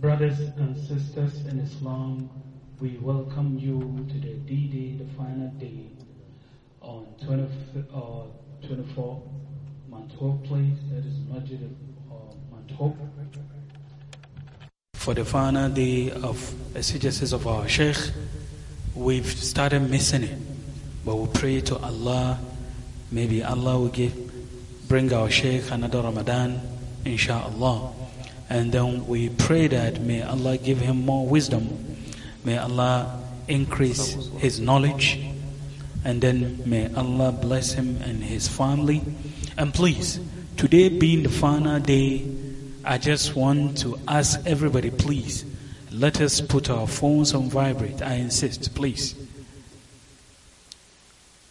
Brothers and sisters in Islam, we welcome you to the D-Day, the final day, on 20, uh, 24 Montauk Place, that is Majid of uh, for the final day of exegesis of our Sheikh. We've started missing it, but we pray to Allah. Maybe Allah will give, bring our Sheikh another Ramadan, inshallah. And then we pray that may Allah give him more wisdom. May Allah increase his knowledge. And then may Allah bless him and his family. And please, today being the final day, I just want to ask everybody, please, let us put our phones on vibrate. I insist, please.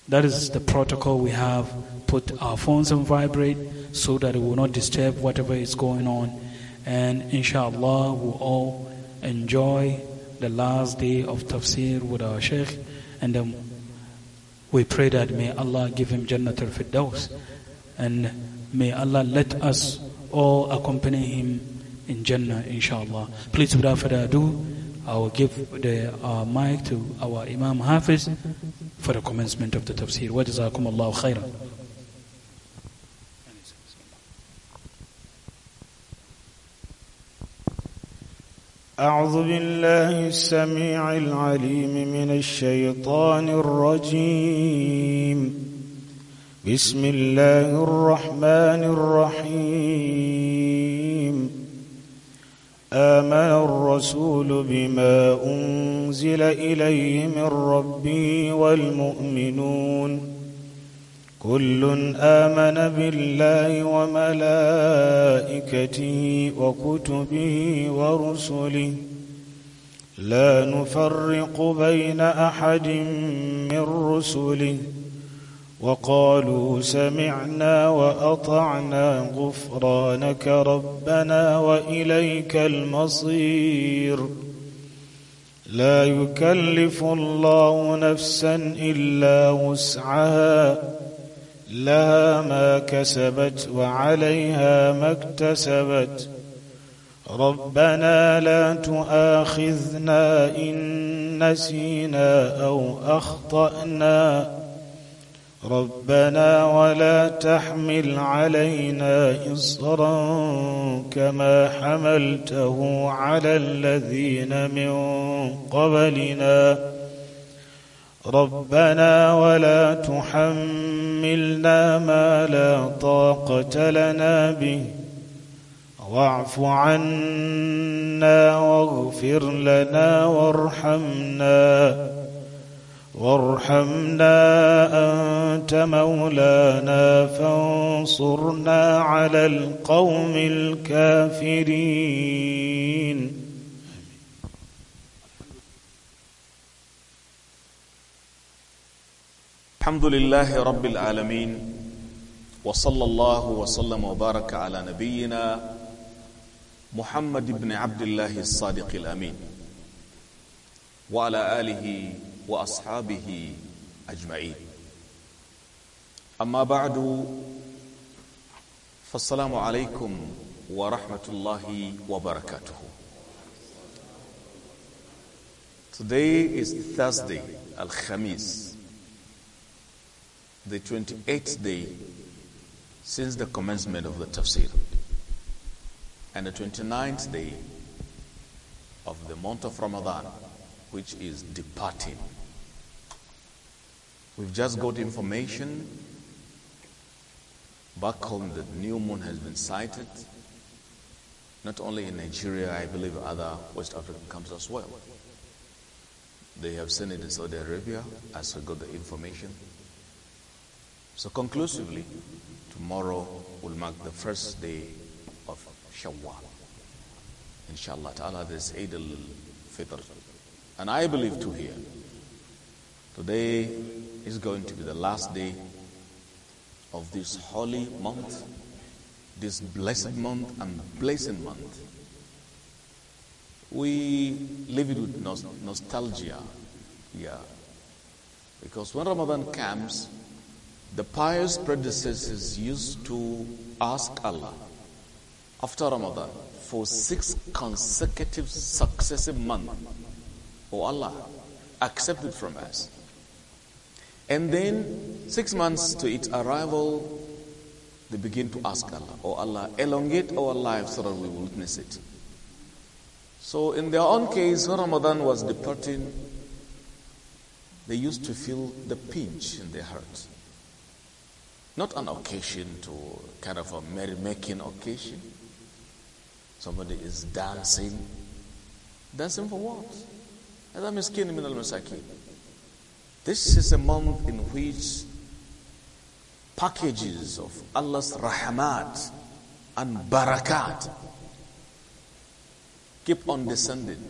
That is the protocol we have. Put our phones on vibrate so that it will not disturb whatever is going on and inshallah, we'll all enjoy the last day of tafsir with our Sheikh. And then we pray that may Allah give him Jannat al And may Allah let us all accompany him in Jannah, inshallah. Please, without further ado, I will give the uh, mic to our Imam Hafiz for the commencement of the tafsir. Wa jazakum Allahu khairan. أعوذ بالله السميع العليم من الشيطان الرجيم بسم الله الرحمن الرحيم آمن الرسول بما أنزل إليه من ربي والمؤمنون كل آمن بالله وملائكته وكتبه ورسله لا نفرق بين أحد من رسله وقالوا سمعنا وأطعنا غفرانك ربنا وإليك المصير لا يكلف الله نفسا إلا وسعها لها ما كسبت وعليها ما اكتسبت ربنا لا تؤاخذنا إن نسينا أو أخطأنا ربنا ولا تحمل علينا إصرا كما حملته على الذين من قبلنا ربنا ولا تحملنا ما لا طاقة لنا به واعف عنا واغفر لنا وارحمنا وارحمنا أنت مولانا فانصرنا على القوم الكافرين الحمد لله رب العالمين وصلى الله وسلم وبارك على نبينا محمد بن عبد الله الصادق الامين وعلى اله واصحابه اجمعين اما بعد فالسلام عليكم ورحمه الله وبركاته Today is Thursday, Al Khamis, the 28th day since the commencement of the tafsir, and the 29th day of the month of Ramadan, which is departing. We've just got information back home that new moon has been sighted, not only in Nigeria, I believe other West African countries as well. They have seen it in Saudi Arabia, as we got the information. So conclusively, tomorrow will mark the first day of Shawwal. Inshallah ta'ala, this Eid al-Fitr. And I believe too here, today is going to be the last day of this holy month, this blessed month and blessed month. We live it with nostalgia, yeah. Because when Ramadan comes, the pious predecessors used to ask Allah after Ramadan for six consecutive successive months. Oh Allah, accept it from us. And then six months to its arrival, they begin to ask Allah, Oh Allah, elongate our lives so that we will witness it. So in their own case, when Ramadan was departing, they used to feel the pinch in their hearts. Not an occasion to kind of a merrymaking occasion. Somebody is dancing. Dancing for what? This is a month in which packages of Allah's rahmat and barakat keep on descending.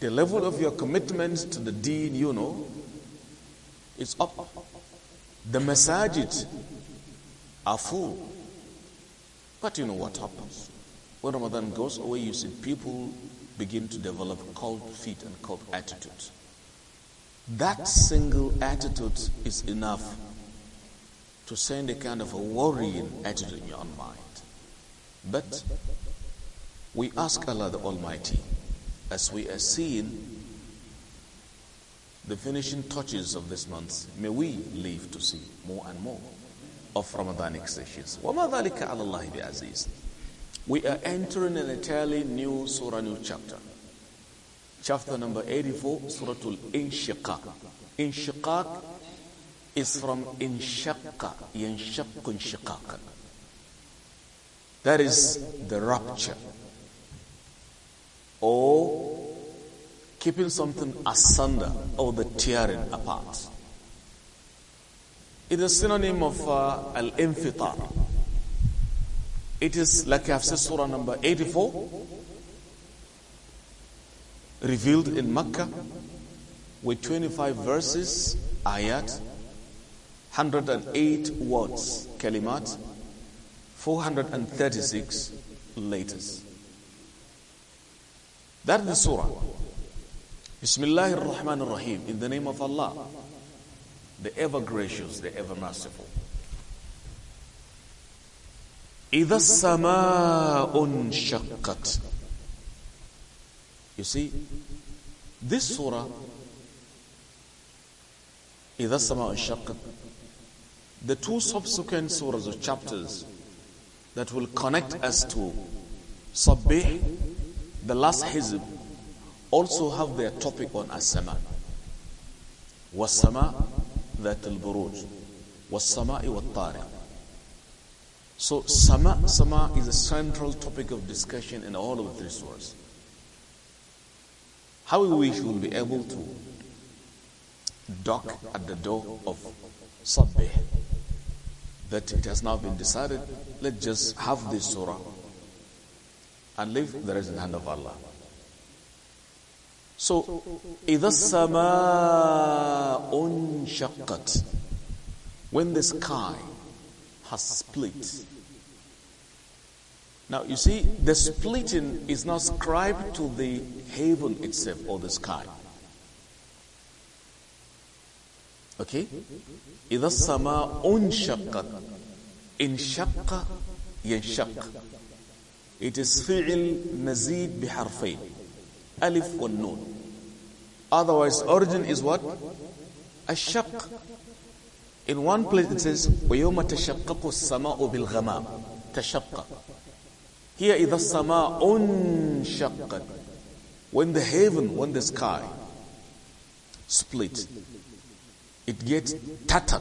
The level of your commitment to the deen, you know, is up. The masajid are full. But you know what happens. When Ramadan goes away, you see people begin to develop cold feet and cold attitude. That single attitude is enough to send a kind of a worrying attitude in your own mind. But we ask Allah the Almighty, as we are seeing the finishing touches of this month, may we live to see more and more of Ramadan sessions. We are entering an entirely new surah, new chapter. Chapter number 84, Suratul Inshiqaq. Inshiqaq is from Inshaqqa, Yanshaqqun Shiqaq. That is the rupture or keeping something asunder or the tearing apart. It is a synonym of uh, al infitar. It is, like I have said, Surah number 84, revealed in Mecca with 25 verses, ayat, 108 words, kalimat, 436 letters. That is the surah. Bismillah ar-Rahman ar-Rahim. In the name of Allah, the ever gracious, the ever merciful. إذا السماء انشقت. You see, this surah, إذا السماء انشقت, the two subsequent surahs or chapters that will connect us to Sabbih, the last hizb, also have their topic on as-sama. والسماء al البروج والسماء والطارق So sama, sama is a central topic of discussion in all of these surahs. How we will be able to dock at the door of Sabbih that it has now been decided, let's just have this surah and leave the rest in the hand of Allah. So, إِذَا السَّمَاءُ انشقت When the sky has split. Now, you see, the splitting is not scribed to the heaven itself or the sky. Okay? إِذَا السَّمَاءُ انشقت انشق ينشق It is فعل مزيد بحرفين alif or Noon. Otherwise, origin is what? Ashaq. In one place it says, وَيَوْمَ تَشَقَّقُ السَّمَاءُ بِالْغَمَامِ تَشَقَّقُ Here إِذَا السَّمَاءُ انشَقَّتْ When the heaven, when the sky split, it gets tattered.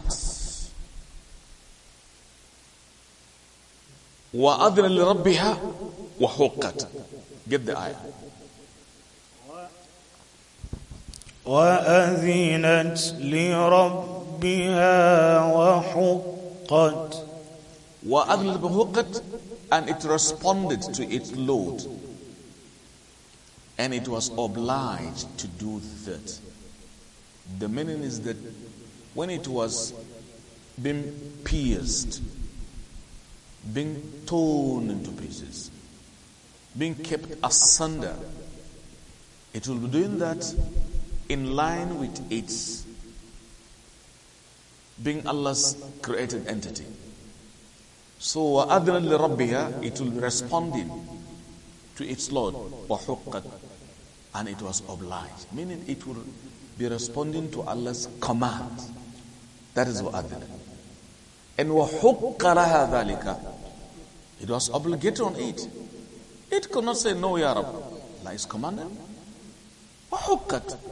وَأَذْنَ لِرَبِّهَا وَحُقَّتْ Get the ayah. وأذنت لربها وحقت وأذنت بحقت and it responded to its load and it was obliged to do that. The meaning is that when it was being pierced, being torn into pieces, being kept asunder, it will be doing that in line with its being Allah's created entity. So وَأَذْنَا لِرَبِّهَا It will be responding to its Lord. وَحُقَّتْ And it was obliged. Meaning it will be responding to Allah's command. That is وَأَذْنَا And وَحُقَّ لَهَا It was obligated on it. It could not say no, Ya Rab. Allah is commanded. وَحُقَّتْ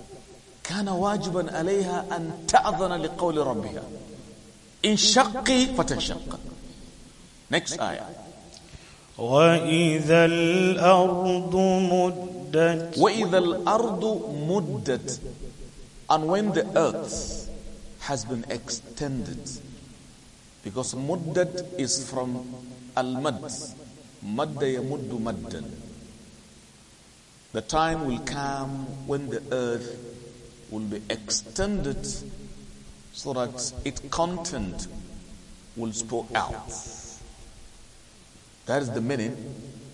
كان واجبا عليها أن تأذن لقول ربها إن شقي فتنشق Next آية وإذا الأرض مدت وإذا الأرض مدت And when the earth has been extended Because مدت is from المد مد يمد yamuddu The time will come when the earth will be extended so that its content will spill out. That is the meaning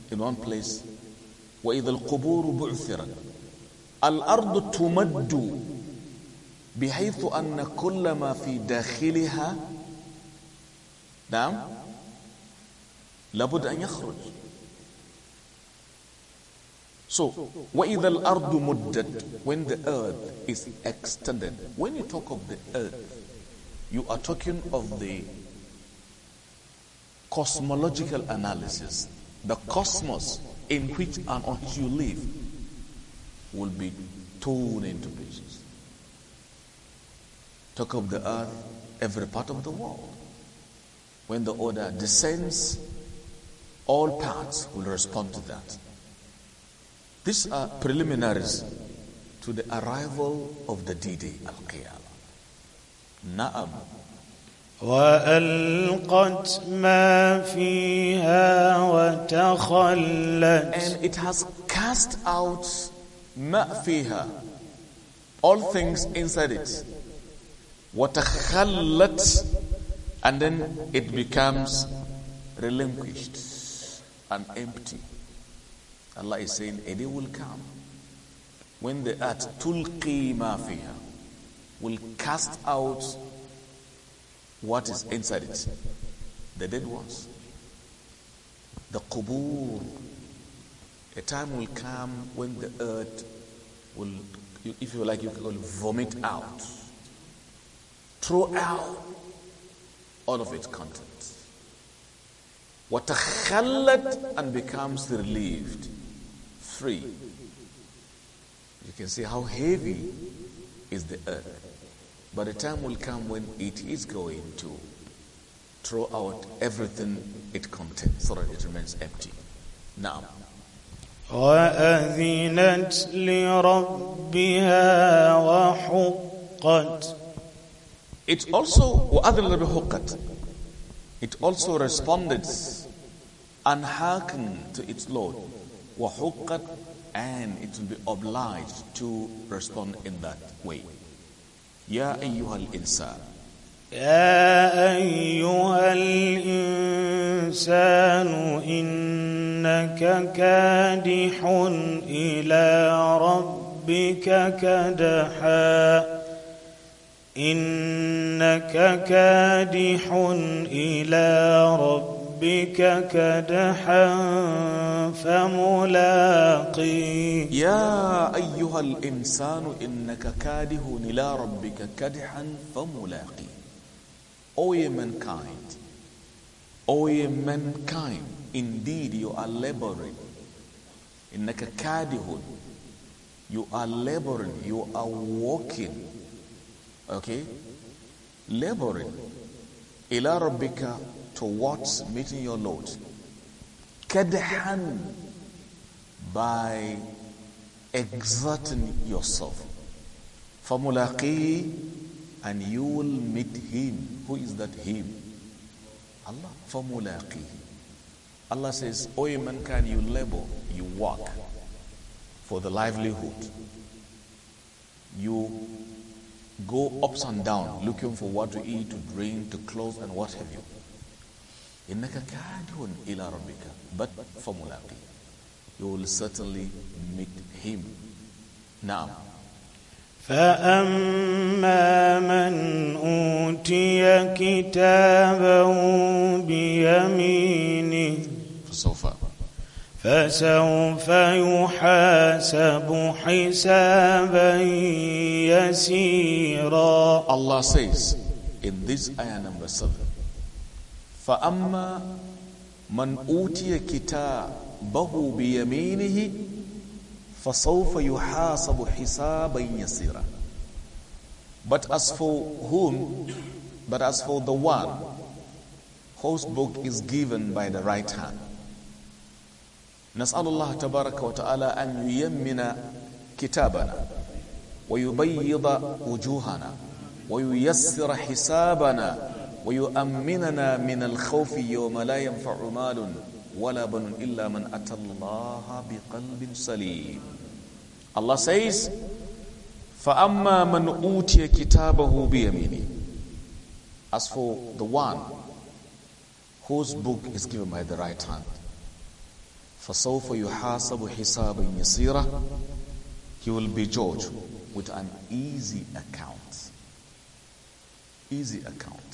in one place. وَإِذَا الْقُبُورُ بُعْثِرًا الْأَرْضُ تُمَدُّ بحيث أن كل ما في داخلها نعم لابد أن يخرج so, وَإِذَا الْأَرْضُ مُدَّتْ When the earth is extended. When you talk of the earth, you are talking of the cosmological analysis. The cosmos in which and on which you live will be torn into pieces. Talk of the earth, every part of the world. When the order descends, all parts will respond to that. These are preliminaries to the arrival of the D-Day, Al-Qiyamah. Na'am. وألقت ما فيها وتخلت And it has cast out ما فيها All things inside it وتخلت And then it becomes relinquished and empty Allah is saying a day will come when the earth tulqi ma fiha will cast out what is inside it. The dead ones. The kubul. A time will come when the earth will, if you like, you can call it vomit out. Throw out all of its contents. What and becomes relieved free. You can see how heavy is the earth. But the time will come when it is going to throw out everything it contains so that it remains empty. Now. وأذنت لربها وحقت It also It also responded and hearkened to its Lord وحقت and it will be obliged to respond in that way يا أيها الإنسان يا أيها الإنسان إنك كادح إلى ربك كدحاً إنك كادح إلى ربك بك كدحا فملاقي يا أيها الإنسان إنك كاده إلى ربك كدحا فملاقي O ye mankind, O ye mankind, indeed you are laboring. إنك كادح You are laboring, you are walking. Okay? Laboring. إلى ربك towards meeting your Lord. hand by exerting yourself. Famulaqi and you will meet him. Who is that him? Allah. Famulaqi. Allah says, O mankind, you labor, you work for the livelihood. You go ups and down looking for what to eat, to drink, to clothes, and what have you. إنك كاد إلى ربك but فملاقي you will certainly meet him نعم فأما من أوتي كتابه بيمينه فسوف فسوف يحاسب حسابا يسيرا Allah says in this ayah number 7 فأما من أوتي كتابه بيمينه فسوف يحاسب حسابا يسيرا But as for whom, but as for the one whose book is given by the right hand, نسأل الله تبارك وتعالى أن ييمن كتابنا ويبيض وجوهنا وييسر حسابنا ويؤمننا من الخوف يوم لا ينفع مال ولا بنون إلا من أتى الله بقلب سليم Allah says فأما من أوتي كتابه بيمينه As for the one whose book is given by the right hand فسوف يحاسب حسابا يسيرا He will be judged with an easy account. Easy account.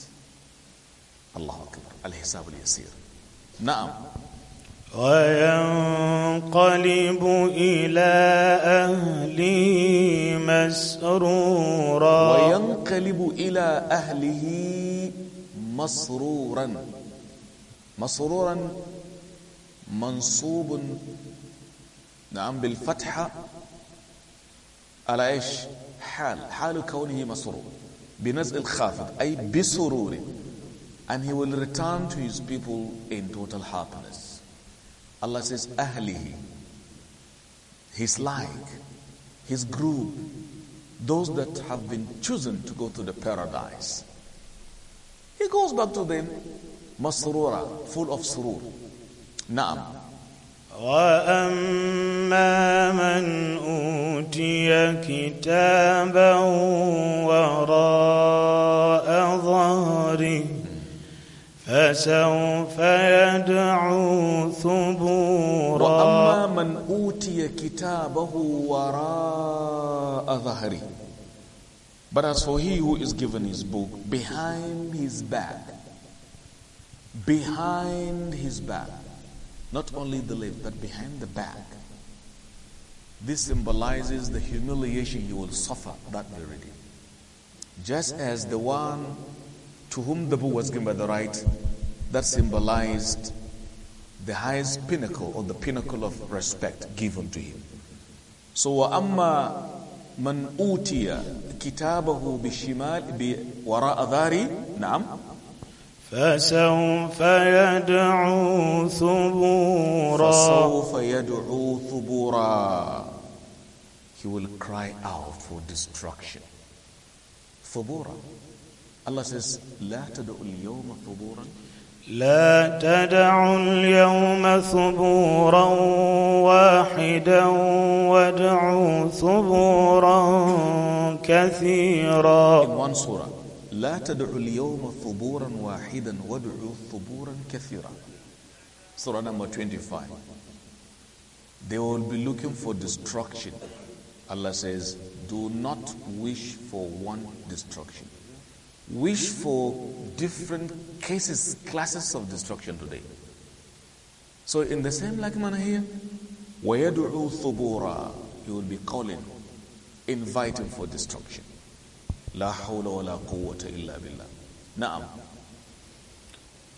الله أكبر الحساب اليسير نعم وينقلب إلى أهله مسرورا وينقلب إلى أهله مسرورا مسرورا منصوب نعم بالفتحة على إيش حال حال كونه مسرور بنزع الخافض أي بسرور and he will return to his people in total happiness. Allah says, Ahlihi, his like, his group, those that have been chosen to go to the paradise. He goes back to them, masrura, full of surur. Naam. وأما من أوتي كتابه وراء فسوف يدعو ثبورا وأما من أوتي كتابه وراء But as for he who is given his book behind his back, behind his back, not only the left but behind the back, this symbolizes the humiliation he will suffer that very day. Just as the one to whom the book was given by the right that symbolized the highest pinnacle or the pinnacle of respect given to him. So وَأَمَّا مَنْ أُوتِيَ كِتَابَهُ bi wara ذَارِي نعم فسوف يدعو ثبورا فسوف يدعو ثبورا He will cry out for destruction. ثبورا Allah says, لا تدع اليوم ثبورا لا تدع اليوم ثبورا واحدا وادعوا ثبورا كثيرا In one surah, لا تدع اليوم ثبورا واحدا وادعوا ثبورا كثيرا Surah number 25 They will be looking for destruction. Allah says, do not wish for one destruction wish for different cases, classes of destruction today. So in the same like manner here, وَيَدْعُو ثُبُورًا He will be calling, inviting for destruction. لا حول ولا قوة إلا بالله نعم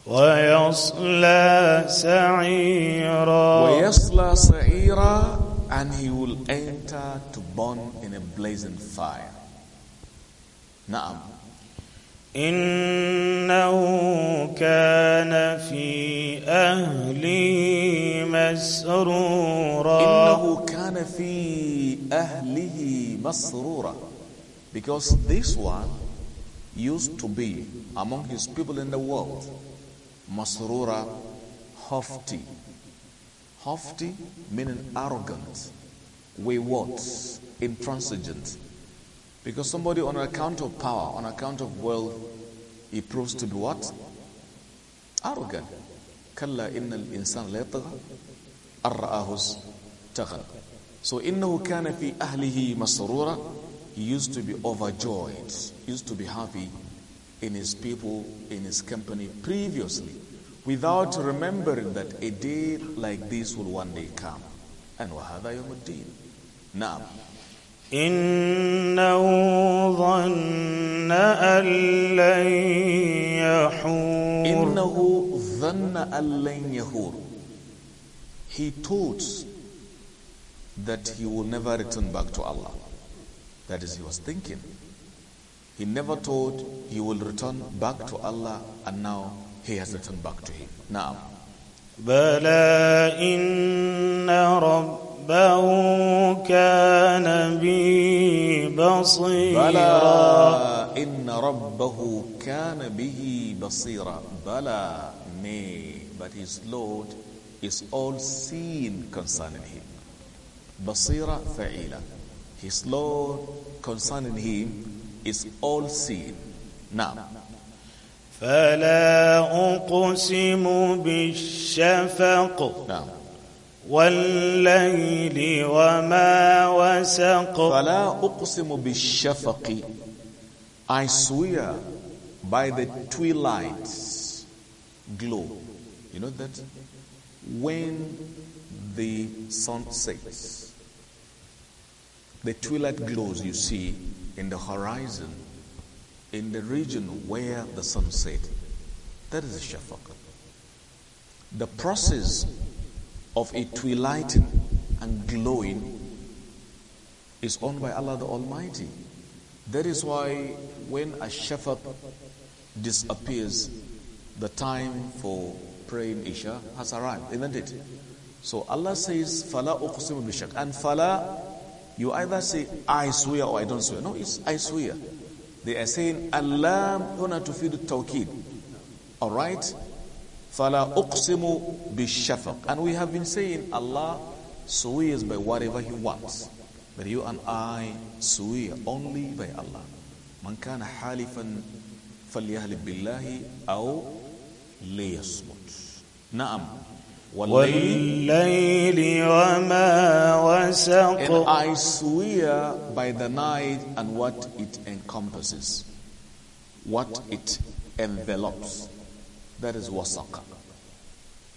ويصلى سعيرا ويصلى سعيرا and he will enter to burn in a blazing fire نعم إنه كان في أهله مسرورا إنه كان في أهله مسرورا because this one used to be among his people in the world مسرورا hofty hofty meaning arrogant wayward intransigent because somebody on account of power, on account of wealth, he proves to be what? Arrogant. كلا إن الإنسان لا يطغى أن So إنه كان في أهله مسرورا. He used to be overjoyed, he used to be happy in his people, in his company previously, without remembering that a day like this will one day come. And وهذا يوم الدين. نعم. إنه ظن أن لن يحور إنه ظن أن لن يحور He thought that he will never return back to Allah. That is, he was thinking. He never thought he will return back to Allah, and now he has returned back to him. Now. بلى إن رب كان نبي بصيرا بلى إن ربه كان به بصيرا بلى نه but his Lord is all seen concerning him بصيرا فعيلا his Lord concerning him is all seen نعم فلا أقسم بالشفق نعم والليل وما وسق فلا أقسم بالشفق I swear by the twilight glow you know that when the sun sets the twilight glows you see in the horizon in the region where the sun set that is a shafaq the process of a twilighting and glowing is owned by Allah the Almighty. That is why when a shepherd disappears, the time for praying Isha has arrived, isn't it? So Allah says, Fala uqsimu bishak. And Fala, you either say, I swear or I don't swear. No, it's I swear. They are saying, Allah huna tufidu tawkid. All right? And we have been saying Allah swears by whatever He wants. But you and I swear only by Allah. من كان حالفا فليهلب بالله أو ليصمت. نعم. والليل, والليل وما وسق. And I swear by the night and what it encompasses, what it envelops. That is wasaka.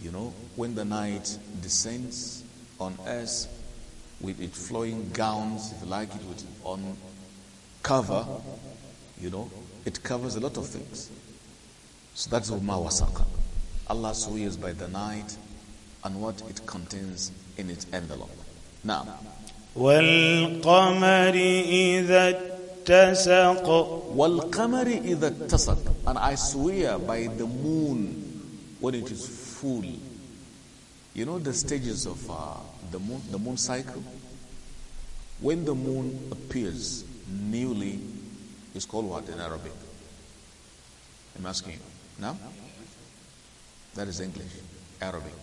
You know, when the night descends on us with its flowing gowns, if you like it, with on cover, you know, it covers a lot of things. So that's Umma wasaqa. Allah swears by the night and what it contains in its envelope. Now, وَالْقَمَرِ إِذَا اتسق والقمر إذا اتسق and I swear by the moon when it is full you know the stages of uh, the moon the moon cycle when the moon appears newly is called what in Arabic I'm asking you now that is English Arabic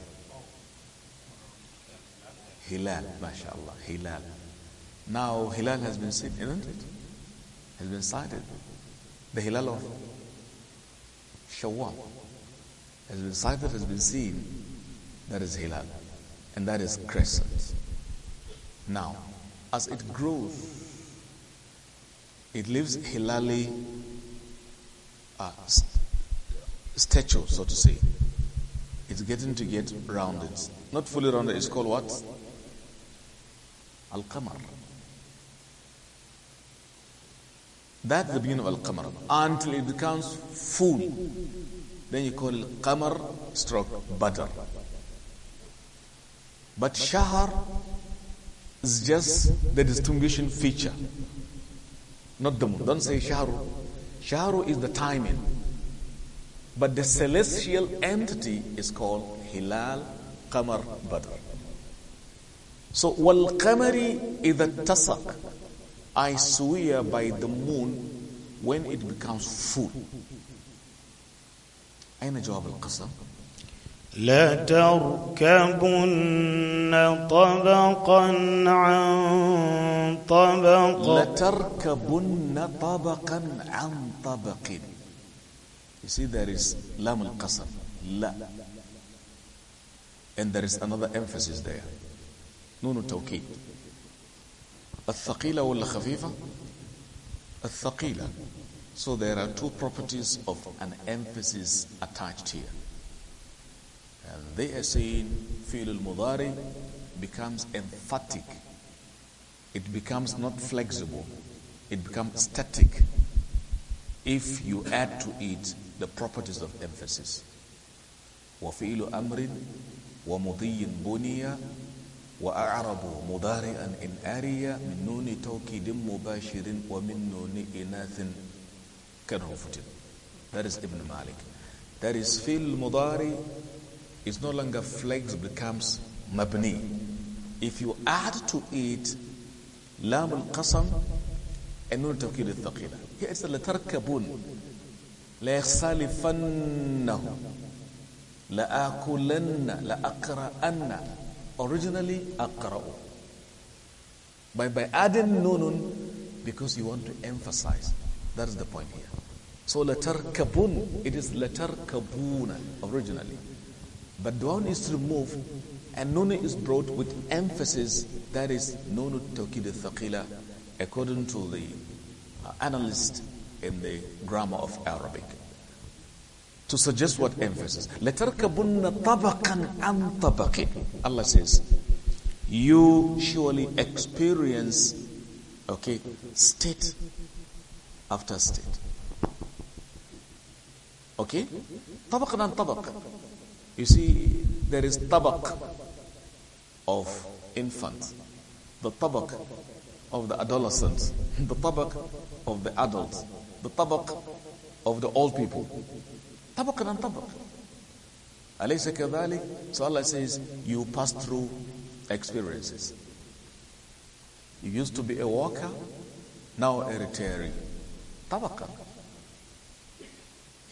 Hilal mashallah Hilal now Hilal has been seen isn't it has been sighted. The hilal of Shawwal has been sighted, has been seen. That is hilal. And that is crescent. Now, as it grows, it leaves Hilali uh, st statue, so to say. It's getting to get rounded. Not fully rounded, it's called what? Al Qamar. That's the beginning of Al-Qamar. Until it becomes full. Then you call it Qamar stroke Badr. But Shahar is just the distinguishing feature. Not the moon. Don't say Shahru. Shahru is the timing. But the celestial entity is called Hilal Qamar Badr. So, wal Qamari is the tasak. I swear by the moon when it becomes full. أين جواب القسم؟ لتركبن طبقا عن طبق لا لتركبن طبقا عن طبق You see there is لام القسم لا And there is another emphasis there نون التوكيد الثقيلة ولا خفيفة الثقيلة so there are two properties of an emphasis attached here and they are saying فعل المضارع becomes emphatic it becomes not flexible it becomes static if you add to it the properties of emphasis وفعل أمر ومضي بني وأعرب مضارئا إن آريا من نون توكيد مباشر ومن نون إناث كالرفت That is Ibn Malik. That is fi'l mudari is no longer flex becomes mabni. If you add to it lam al-qasam and nun tawkid al-thaqila. Here it's latarkabun لآكلن لأقرأن originally Aqra'u. But by adding Nunun, because you want to emphasize. That is the point here. So letter kabun, it is letter kabuna originally. But one is removed and nun is brought with emphasis, that is Nunu Tawkid Thaqila, according to the uh, analyst in the grammar of Arabic to suggest what emphasis. Allah says, you surely experience, okay, state after state. Okay? tabakan عَنْ You see, there is tabak of infants, the tabak of the adolescents, the tabak of the adults, the tabak of the old people, طبقا عن طبق أليس كذلك so Allah says you pass through experiences you used to be a walker now a retiree طبقا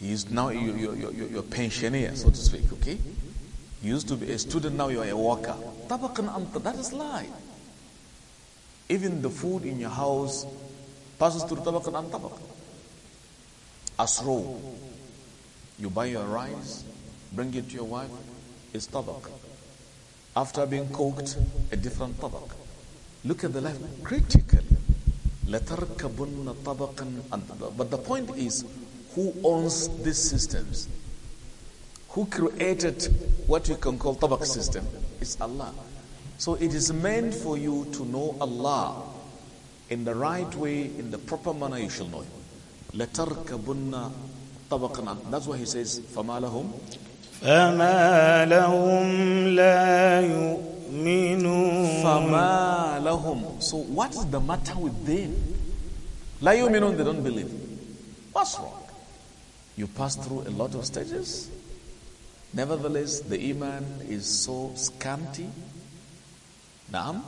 he is now you, you, you, you, pensioner so to speak okay you used to be a student now you're a worker طبقا عن that is lie even the food in your house passes through طبقا عن طبق asro you buy your rice, bring it to your wife, it's tabak. After being cooked, a different tabak. Look at the life critically. But the point is, who owns these systems? Who created what we can call tabak system? It's Allah. So it is meant for you to know Allah in the right way, in the proper manner you shall know Him that's why he says فما لهم فما لهم لا يؤمنون فما لهم so what is the matter with them لا يؤمنون they don't believe what's wrong you pass through a lot of stages nevertheless the iman is so scanty نعم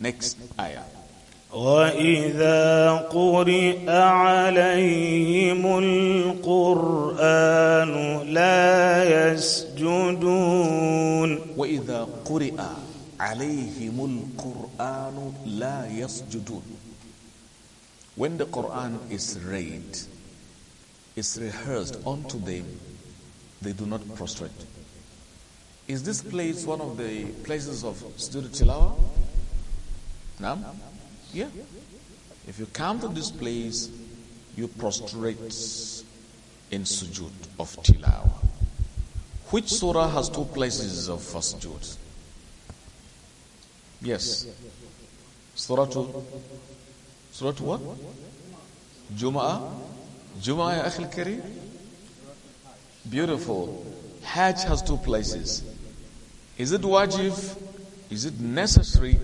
next ayah واذا قرئ عليهم القران لا يسجدون واذا قرئ عليهم القران لا يسجدون when the quran is read is rehearsed unto them they do not prostrate is this place one of the places of student tilawa no? Yeah. If you come to this place, you prostrate in sujud of tilawa. Which surah has two places of sujud? Yes. Surah to Surah to what? Jum'ah? Jum'ah ya akhil kareem? Beautiful. Hajj has two places. Is it wajib? Is it necessary?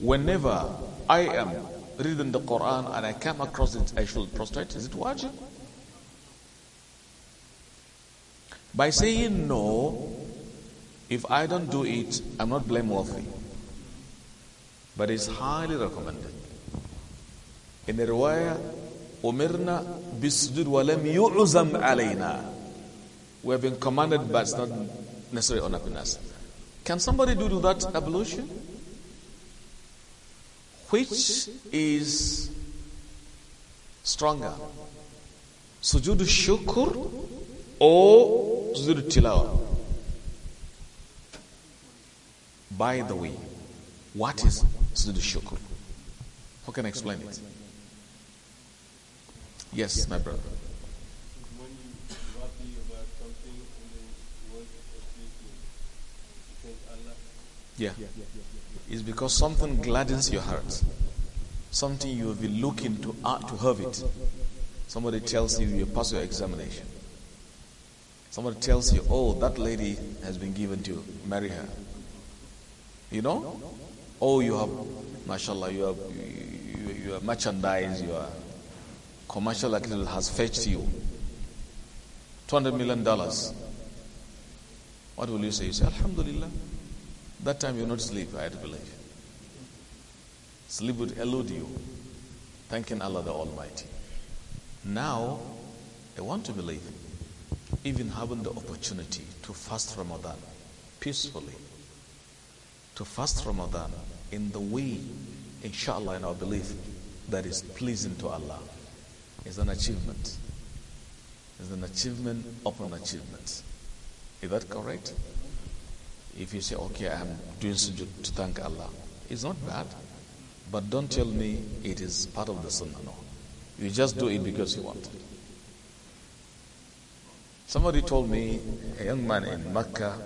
Whenever I am reading the Quran and I come across it, I should prostrate. Is it wajib? By saying no, if I don't do it, I'm not blameworthy. But it's highly recommended. In the riwayah, أمرنا بالسجود ولم يعزم علينا. We have been commanded, but it's not necessary on us. Can somebody do that ablution? which is stronger? Sujood shukur or sujood tilawa? By the way, what is sujood shukur? How can explain it? Yes, my brother. Yeah. yeah is because something gladdens your heart. Something you will be looking to, uh, to have it. Somebody tells you you pass your examination. Somebody tells you, oh, that lady has been given to you. Marry her. You know? Oh, you have, mashallah, you have, you, you, your merchandise, your commercial activity has fetched you. $200 million. What will you say? You say, Alhamdulillah. That time you will not sleep, I believe. Sleep would elude you, thanking Allah the Almighty. Now, I want to believe, even having the opportunity to fast Ramadan peacefully, to fast Ramadan in the way, inshallah, in our belief, that is pleasing to Allah, is an achievement. Is an achievement upon achievement. Is that correct? If you say, okay, I'm doing sujood to thank Allah, it's not bad. But don't tell me it is part of the sunnah. No. You just do it because you want. it. Somebody told me, a young man in Mecca,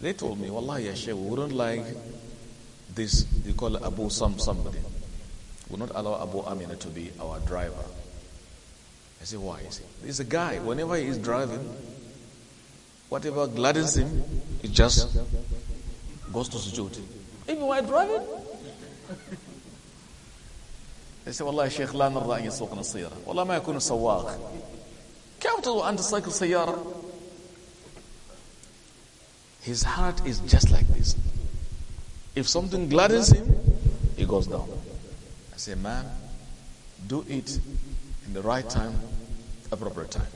they told me, Wallahi, ya we wouldn't like this, you call Abu Sam somebody. We will not allow Abu Amina to be our driver. I say, why? He said, he's a guy. Whenever he is driving, Whatever gladdens him, he just goes to sujood. Even while driving. They say, والله شيخ لا نرضى أن يسوقنا السيارة. والله ما يكون سواق. كيف ترضى أن تسوق السيارة؟ His heart is just like this. If something gladdens him, he goes down. I say, man, do it in the right time, appropriate time.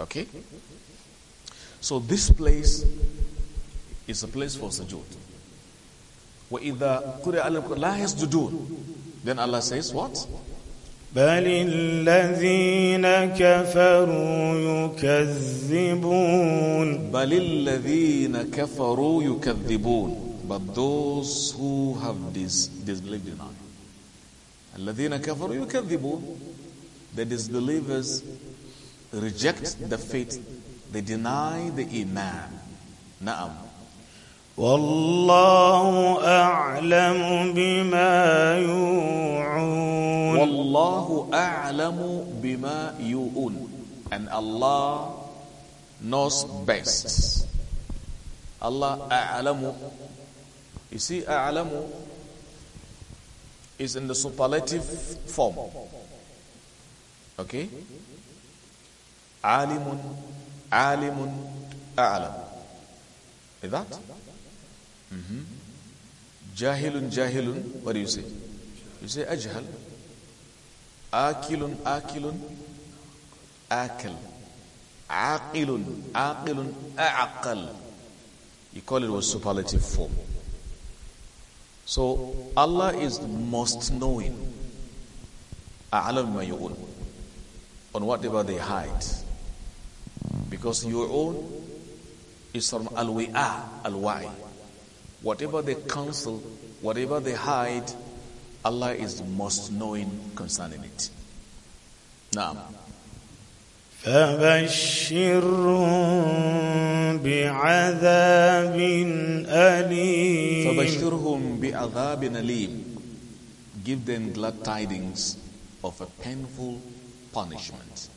Okay? So this place is a place for sujood. وَإِذَا قُرِئَ has لَا يَسْجُدُونَ Then Allah says what? بل الذين كفروا يكذبون بل الذين كفروا يكذبون But those who have dis disbelieved in Allah. الذين كفروا يكذبون The disbelievers reject the faith they deny the Imam. Naam. والله أعلم بما يوعون والله أعلم بما يوعون and Allah knows best Allah أعلم you see أعلم is in the superlative form okay عالم alimun a'lam. Is that? -hmm. Jahilun jahilun. What do you say? You say ajhal. Akilun akilun. Akil. Aqilun aqilun a'aqal. You call it was superlative form. So Allah is most knowing. A'lam ma On whatever they hide. Because your own is from al-wi'ah, al-wa'i. Whatever they counsel, whatever they hide, Allah is the most knowing concerning it. Now. فبشرهم بعذاب أليم بعذاب أليم Give them glad tidings of a painful punishment.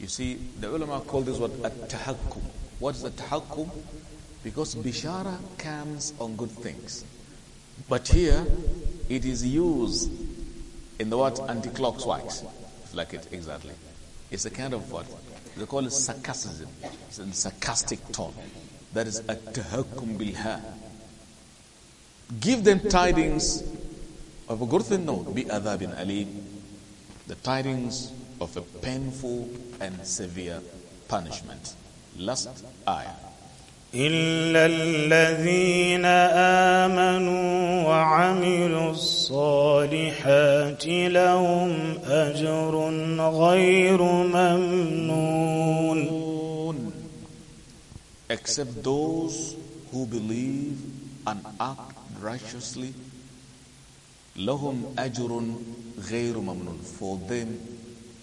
You see, the ulama call this what at-tahakkum. What is at-tahakkum? Because bishara comes on good things. But here, it is used in the word Anti-clockwise. Like it, exactly. It's a kind of what? They call it sarcasm. It's a sarcastic tone. That is at-tahakkum bilha. Give them tidings of a good thing. No, bi adhabin ali, The tidings of a painful and severe punishment. Last ayah. إلا الذين آمنوا وعملوا الصالحات لهم أجر غير ممنون Except those who believe and act righteously لهم أجر غير ممنون For them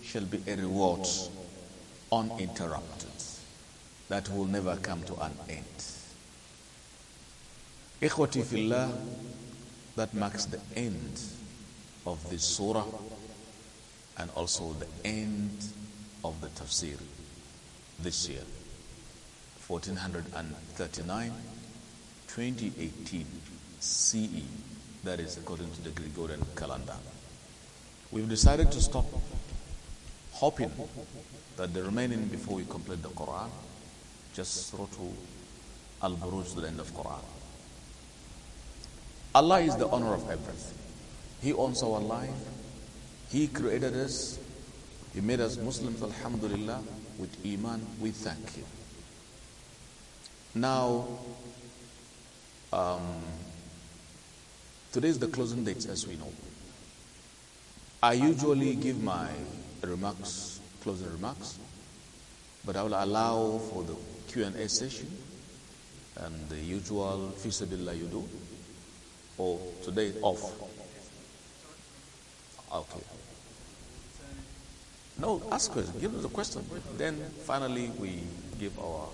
shall be a reward uninterrupted, that will never come to an end. Ikhwati that marks the end of this surah and also the end of the tafsir this year. 1439, 2018 CE, that is according to the Gregorian calendar. We've decided to stop hoping that the remaining before we complete the Quran, just throw to Al-Buruj to the end of Quran. Allah is the owner of everything. He owns our life. He created us. He made us Muslims, Alhamdulillah. With Iman, we thank Him. Now, um, today is the closing date, as we know. I usually give my remarks closing remarks. But I will allow for the Q&A session and the usual feasibility you do. Or today off. Okay. No, ask questions. Give us the question. Then finally we give our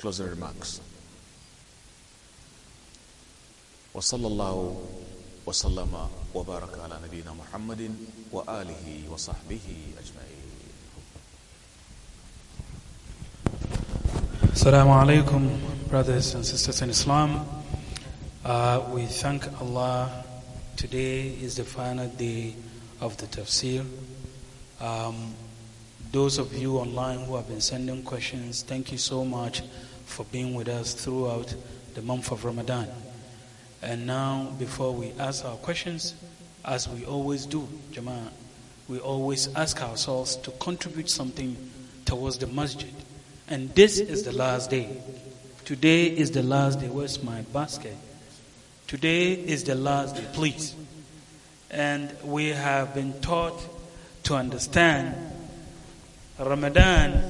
closing remarks. وصلى الله وسلم وبارك على نبينا محمد وآله وصحبه أجمعين Assalamu alaikum, brothers and sisters in Islam. Uh, we thank Allah. Today is the final day of the tafsir. Um, those of you online who have been sending questions, thank you so much for being with us throughout the month of Ramadan. And now, before we ask our questions, as we always do, Jama'ah, we always ask ourselves to contribute something towards the masjid. And this is the last day. Today is the last day. Where's my basket? Today is the last day, please. And we have been taught to understand Ramadan,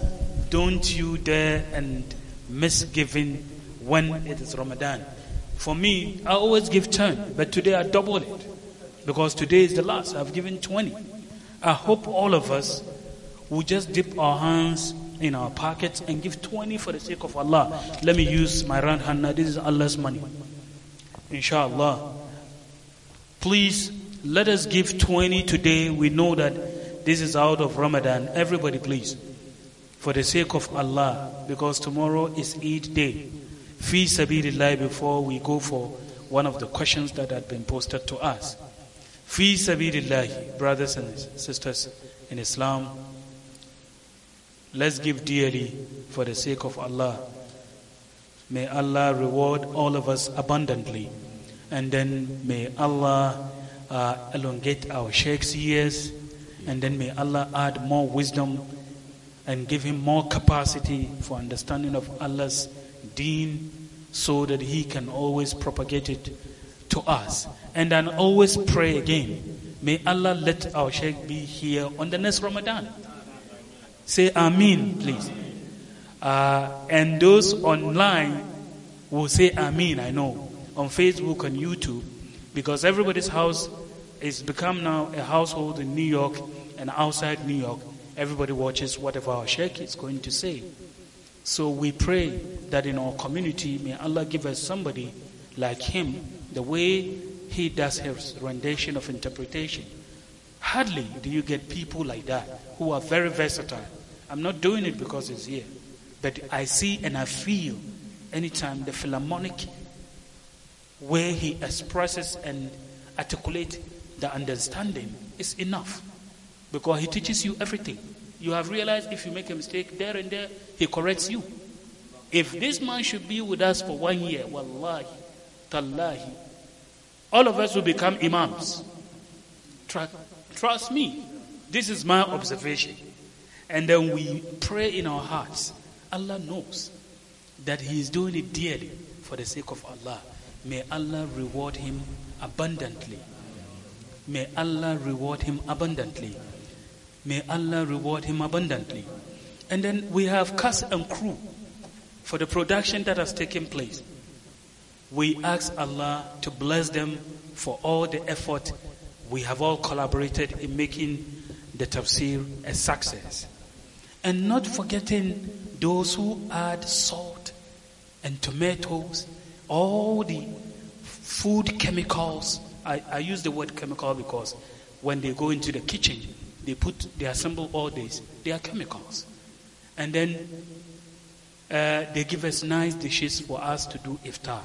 don't you dare and misgiving when it is Ramadan. For me, I always give 10, but today I doubled it because today is the last. I've given 20. I hope all of us will just dip our hands in our pockets and give 20 for the sake of Allah. Let me use my right hand now. This is Allah's money. Inshallah. Please let us give 20 today. We know that this is out of Ramadan. Everybody, please. For the sake of Allah, because tomorrow is Eid day. Fi sabirillahi. before we go for one of the questions that had been posted to us. Fi sabirillahi, brothers and sisters in Islam. Let's give dearly for the sake of Allah. May Allah reward all of us abundantly. And then may Allah uh, elongate our Sheikh's years. And then may Allah add more wisdom and give him more capacity for understanding of Allah's deen so that he can always propagate it to us. And then always pray again. May Allah let our Sheikh be here on the next Ramadan. Say Amen, please. Uh, and those online will say Amen, I know, on Facebook and YouTube, because everybody's house is become now a household in New York and outside New York. Everybody watches whatever our Sheikh is going to say. So we pray that in our community, may Allah give us somebody like him, the way he does his rendition of interpretation. Hardly do you get people like that who are very versatile I'm not doing it because it's here. But I see and I feel anytime the Philharmonic, where he expresses and articulates the understanding, is enough. Because he teaches you everything. You have realized if you make a mistake there and there, he corrects you. If this man should be with us for one year, wallahi, tallahi, all of us will become imams. Trust, trust me. This is my observation and then we pray in our hearts, Allah knows that he is doing it dearly for the sake of Allah. May Allah reward him abundantly. May Allah reward him abundantly. May Allah reward him abundantly. And then we have cast and crew for the production that has taken place. We ask Allah to bless them for all the effort we have all collaborated in making the tafsir a success and not forgetting those who add salt and tomatoes, all the food chemicals. I, I use the word chemical because when they go into the kitchen, they put, they assemble all these. They are chemicals. And then uh, they give us nice dishes for us to do iftar.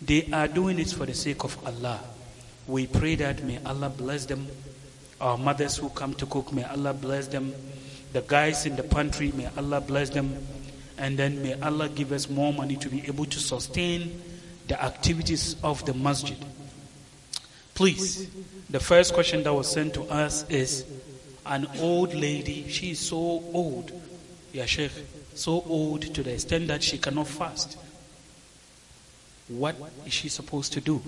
They are doing it for the sake of Allah. We pray that may Allah bless them. Our mothers who come to cook, may Allah bless them the guys in the pantry, may Allah bless them. And then may Allah give us more money to be able to sustain the activities of the masjid. Please, the first question that was sent to us is an old lady, she is so old, Ya Sheikh, so old to the extent that she cannot fast. What is she supposed to do?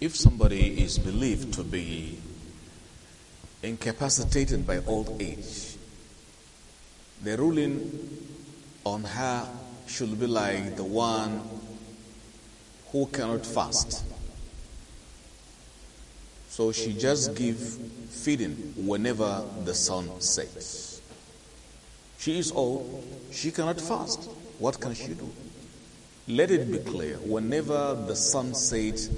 If somebody is believed to be incapacitated by old age, the ruling on her should be like the one who cannot fast. So she just give feeding whenever the sun sets. She is old, she cannot fast. What can she do? Let it be clear, whenever the sun sets,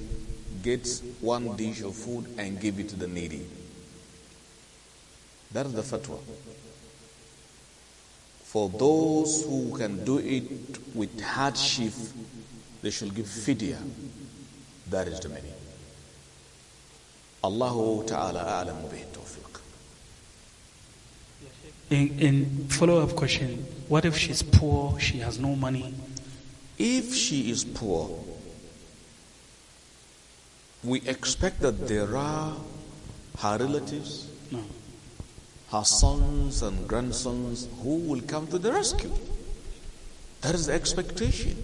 get one dish of food and give it to the needy. That is the fatwa. For those who can do it with hardship, they shall give fidya. That is the meaning. Allah Ta'ala a'lamu bihi tawfiq. In, in follow-up question, what if she's poor, she has no money? If she is poor, we expect that there are her relatives, no her sons and grandsons who will come to the rescue. That is the expectation.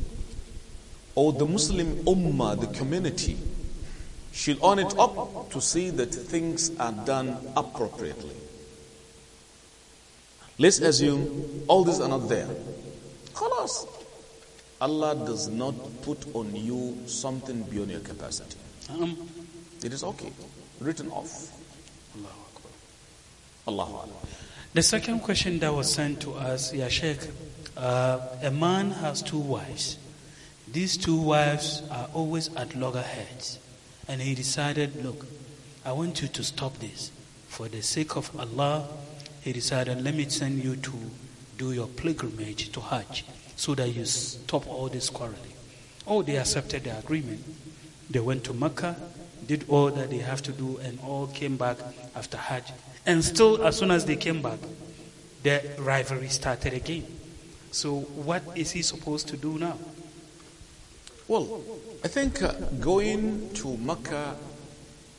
Or the Muslim Ummah, the community, should own it up to see that things are done appropriately. Let's assume all these are not there. Khalas. Allah does not put on you something beyond your capacity. Um. It is okay, written off. Allah. The second question that was sent to us, Ya Sheikh, uh, a man has two wives. These two wives are always at loggerheads. And he decided, look, I want you to stop this. For the sake of Allah, he decided, let me send you to do your pilgrimage to Hajj so that you stop all this quarreling. Oh, they accepted the agreement. They went to Mecca, did all that they have to do, and all came back after Hajj and still, as soon as they came back, the rivalry started again. So, what is he supposed to do now? Well, I think uh, going to Mecca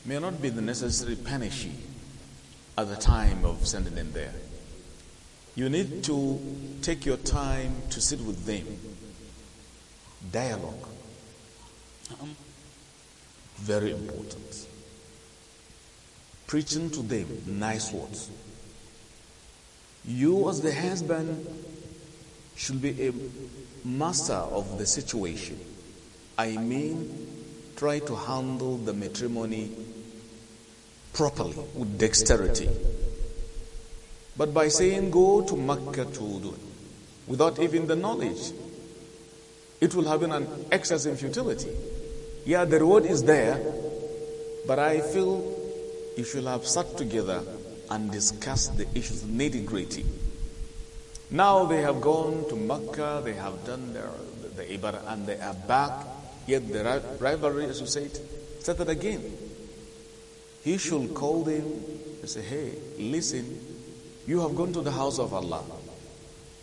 may not be the necessary punishment at the time of sending them there. You need to take your time to sit with them, dialogue. Uh-huh. Very important preaching to them nice words. You, as the husband, should be a master of the situation. I mean, try to handle the matrimony properly with dexterity. But by saying go to Makkah to Udun without even the knowledge, it will have been an excess in futility. Yeah, the road is there, but I feel you should have sat together and discussed the issues nitty gritty. Now they have gone to Mecca, they have done their, the Ibadah, and they are back. Yet the rivalry, as you said, started again. He should call them and say, Hey, listen, you have gone to the house of Allah.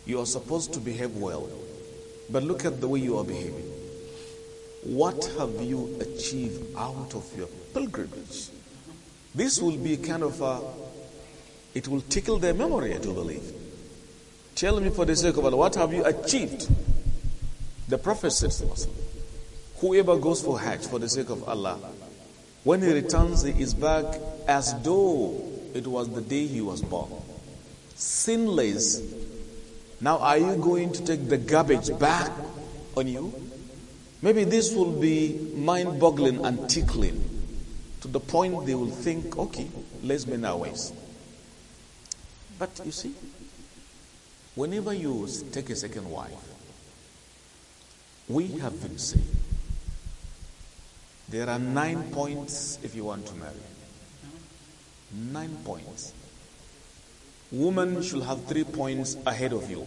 You are supposed to behave well. But look at the way you are behaving. What have you achieved out of your pilgrimage? This will be kind of a, it will tickle their memory, I do believe. Tell me for the sake of Allah, what have you achieved? The Prophet said, whoever goes for Hajj for the sake of Allah, when he returns, he is back as though it was the day he was born. Sinless. Now, are you going to take the garbage back on you? Maybe this will be mind boggling and tickling to the point they will think, okay, let's mend our ways. But you see, whenever you take a second wife, we have been saying there are nine points if you want to marry. Nine points. Woman should have three points ahead of you.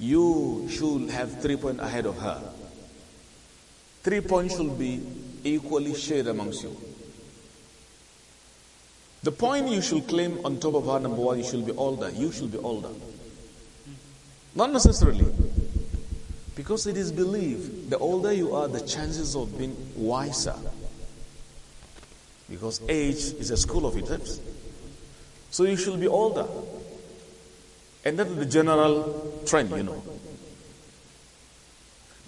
You should have three points ahead of her. Three points should be equally shared amongst you. The point you should claim on top of our number one, you should be older. You should be older. Not necessarily. Because it is believed the older you are, the chances of being wiser. Because age is a school of idioms. So you should be older. And that is the general trend, you know.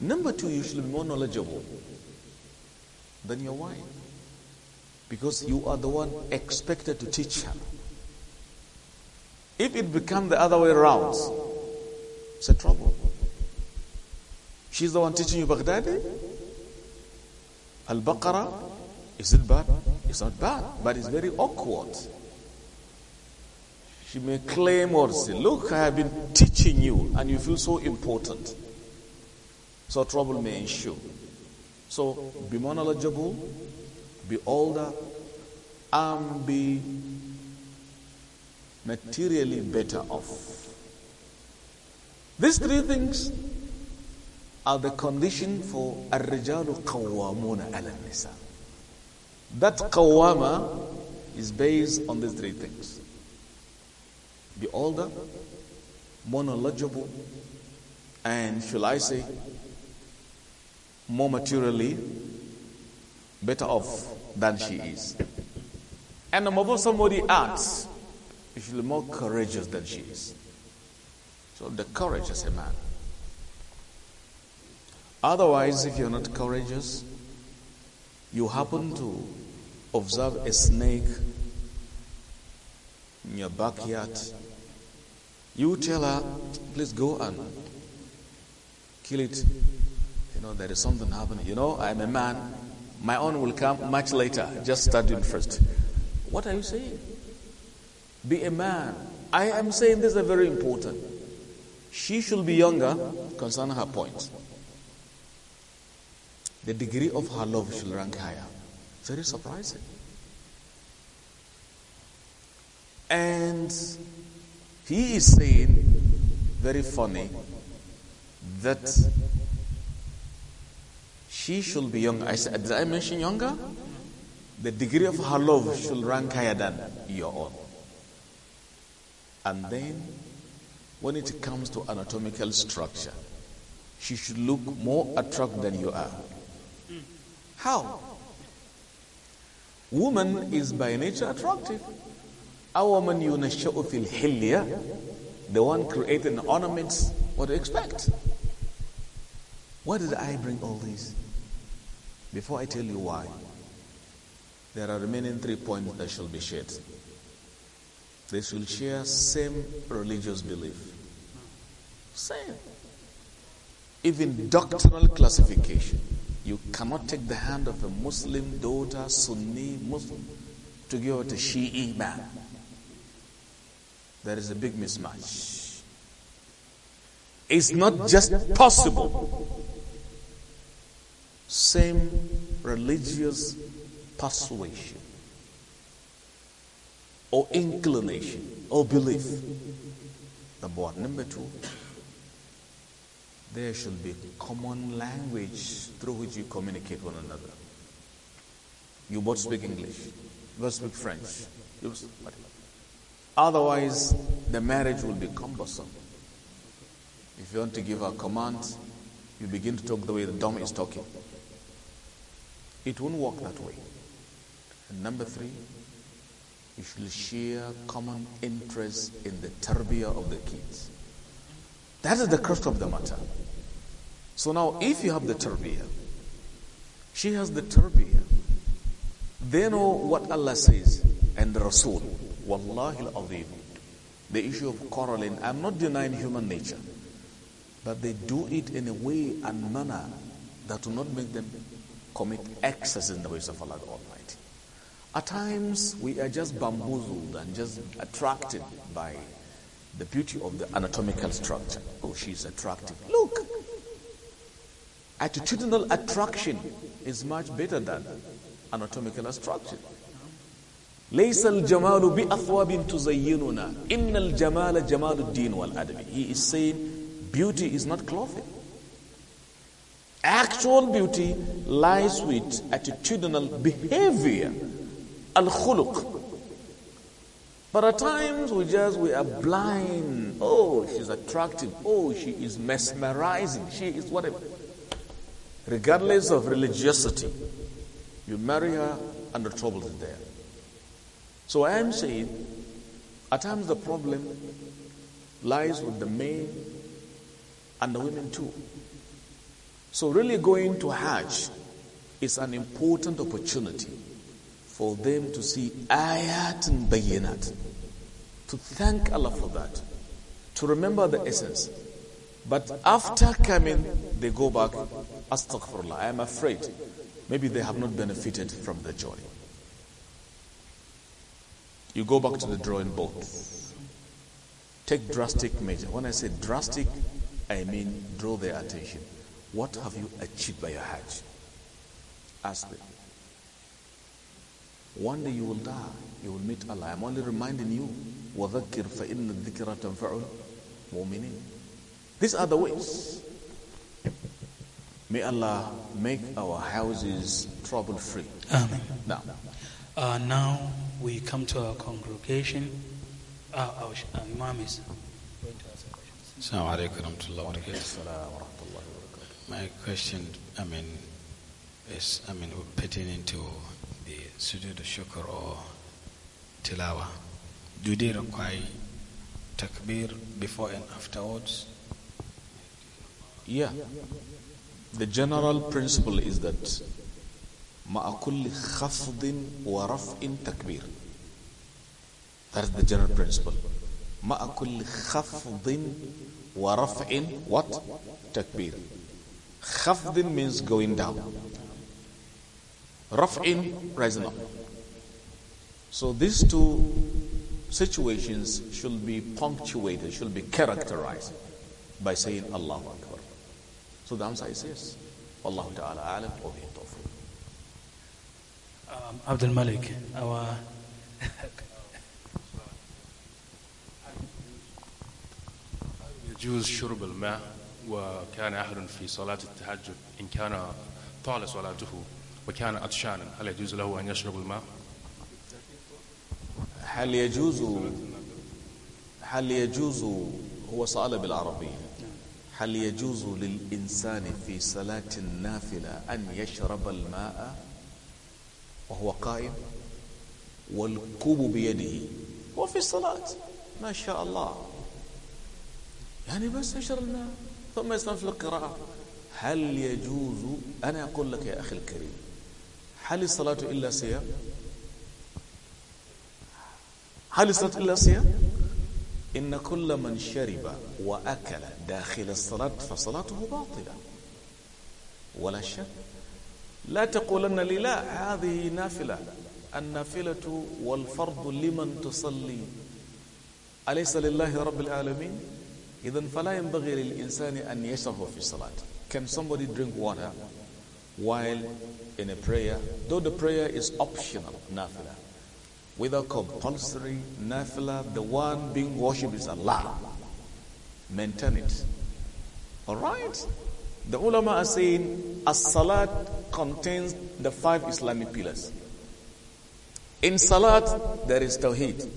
Number two, you should be more knowledgeable than your wife. Because you are the one expected to teach her. If it becomes the other way around, it's a trouble. She's the one teaching you Baghdadi. Al Baqarah, is it bad? It's not bad, but it's very awkward. She may claim or say, Look, I have been teaching you, and you feel so important. So trouble may ensue. So be more knowledgeable, be older, and be materially better off. These three things are the condition for الرجال قوامون على That qawama is based on these three things. Be older, more knowledgeable, and shall I say, more materially better off than she is. And the somebody acts, she'll be more courageous than she is. So the courage is a man. Otherwise, if you're not courageous, you happen to observe a snake in your backyard, you tell her, please go and kill it you know, there is something happening. You know, I'm a man. My own will come much later. Just start doing first. What are you saying? Be a man. I am saying this is very important. She should be younger concerning her points. The degree of her love should rank higher. Very surprising. And he is saying, very funny, that she should be younger. I said, did I mention younger? The degree of her love should rank higher than your own. And then, when it comes to anatomical structure, she should look more attractive than you are. How? Woman is by nature attractive. A woman yunasha'u feel hilya, the one creating ornaments, what do you expect? Where did I bring all this? Before I tell you why, there are remaining three points that shall be shared. They shall share same religious belief. Same. Even doctrinal classification. You cannot take the hand of a Muslim daughter, Sunni Muslim, to give it to Shi'i man. There is a big mismatch. It's not just possible same religious persuasion or inclination or belief. Number one. Number two, there should be common language through which you communicate one another. You both speak English, you both speak French. Otherwise, the marriage will be cumbersome. If you want to give a command, you begin to talk the way the dumb is talking. It won't work that way. And number three, you should share common interests in the tarbiyah of the kids. That is the crux of the matter. So now, if you have the tarbiyah, she has the tarbiyah, they know what Allah says and the Rasul. Wallahi al-Azim. The issue of quarreling, I'm not denying human nature, but they do it in a way and manner that will not make them commit excess in the ways of Allah the Almighty. At times, we are just bamboozled and just attracted by the beauty of the anatomical structure. Oh, she's attractive. Look! Attitudinal attraction is much better than anatomical structure. ليس الجمال بأثواب تزيننا إن الجمال جمال الدين والأدب He is saying beauty is not clothing Actual beauty lies with attitudinal behavior, al khuluq. But at times we just we are blind. Oh, she's attractive. Oh, she is mesmerizing. She is whatever. Regardless of religiosity, you marry her and the trouble is there. So I am saying, at times the problem lies with the men and the women too. So, really, going to Hajj is an important opportunity for them to see ayat and bayinat, to thank Allah for that, to remember the essence. But after coming, they go back, astaghfirullah, I am afraid. Maybe they have not benefited from the journey. You go back to the drawing board. Take drastic measure. When I say drastic, I mean draw their attention what have you achieved by your Hajj? Ask them. One day you will die. You will meet Allah. I'm only reminding you. وَذَكِّرْ فَإِنَّ الذِّكْرَ تَنْفَعُ الْمُؤْمِنِينَ These are the ways. May Allah make our houses trouble free. Amen. Now, uh, now we come to our congregation. Uh, our, our uh, Imam is. Assalamu alaikum warahmatullahi wabarakatuh. My question, I mean, is, I mean, pertaining to the sujood shukr or tilawa. Do they require takbir before and afterwards? Yeah. The general principle is that مع كل خفض ورفع takbir. That is the general principle. مع كل خفض ورفع what? Takbir. Khafdin means going down. Raf'in, rising up. So these two situations should be punctuated, should be characterized by saying Allahu Akbar. So the answer is yes. Allahu Ta'ala alam wa bihi um, Abdul Malik, our يجوز شرب Ma. وكان أحد في صلاة التهجد إن كان طال صلاته وكان عطشانا هل يجوز له أن يشرب الماء هل يجوز هل يجوز هو سأل بالعربية هل يجوز للإنسان في صلاة النافلة أن يشرب الماء وهو قائم والكوب بيده وفي الصلاة ما شاء الله يعني بس يشرب الماء ثم في القراءة هل يجوز أنا أقول لك يا أخي الكريم هل الصلاة إلا صيام هل الصلاة إلا صيام إن كل من شرب وأكل داخل الصلاة فصلاته باطلة ولا شك لا تقولن لي لا هذه نافلة النافلة والفرض لمن تصلي أليس لله رب العالمين إذن فلا ينبغي للإنسان أن يشرب في الصلاة Can somebody drink water while in a prayer? Though the prayer is optional, nafila. without compulsory, nafila, the one being worshipped is Allah. Maintain it. Alright? The ulama are saying, As-salat contains the five Islamic pillars. In salat, there is tawheed.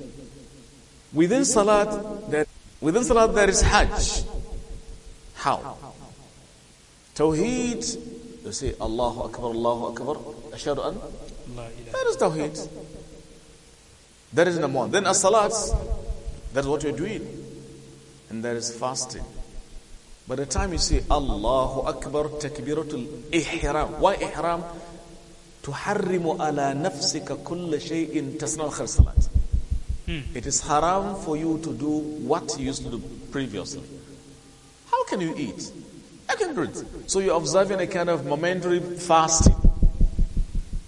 Within salat, there Within Salah there is Hajj. How? Tawheed, you say Allahu Akbar, Allahu Akbar, Ashadu an. That is Tawheed. That is number one. Then as Salat, that's what you're doing. And there is fasting. By the time you say Allahu Akbar, Takbiratul Ihram. Why Ihram? تحرم على نفسك كل شيء تصنع خير صلاه Hmm. It is haram for you to do what you used to do previously. How can you eat? I can drink. So you're observing a kind of momentary fasting.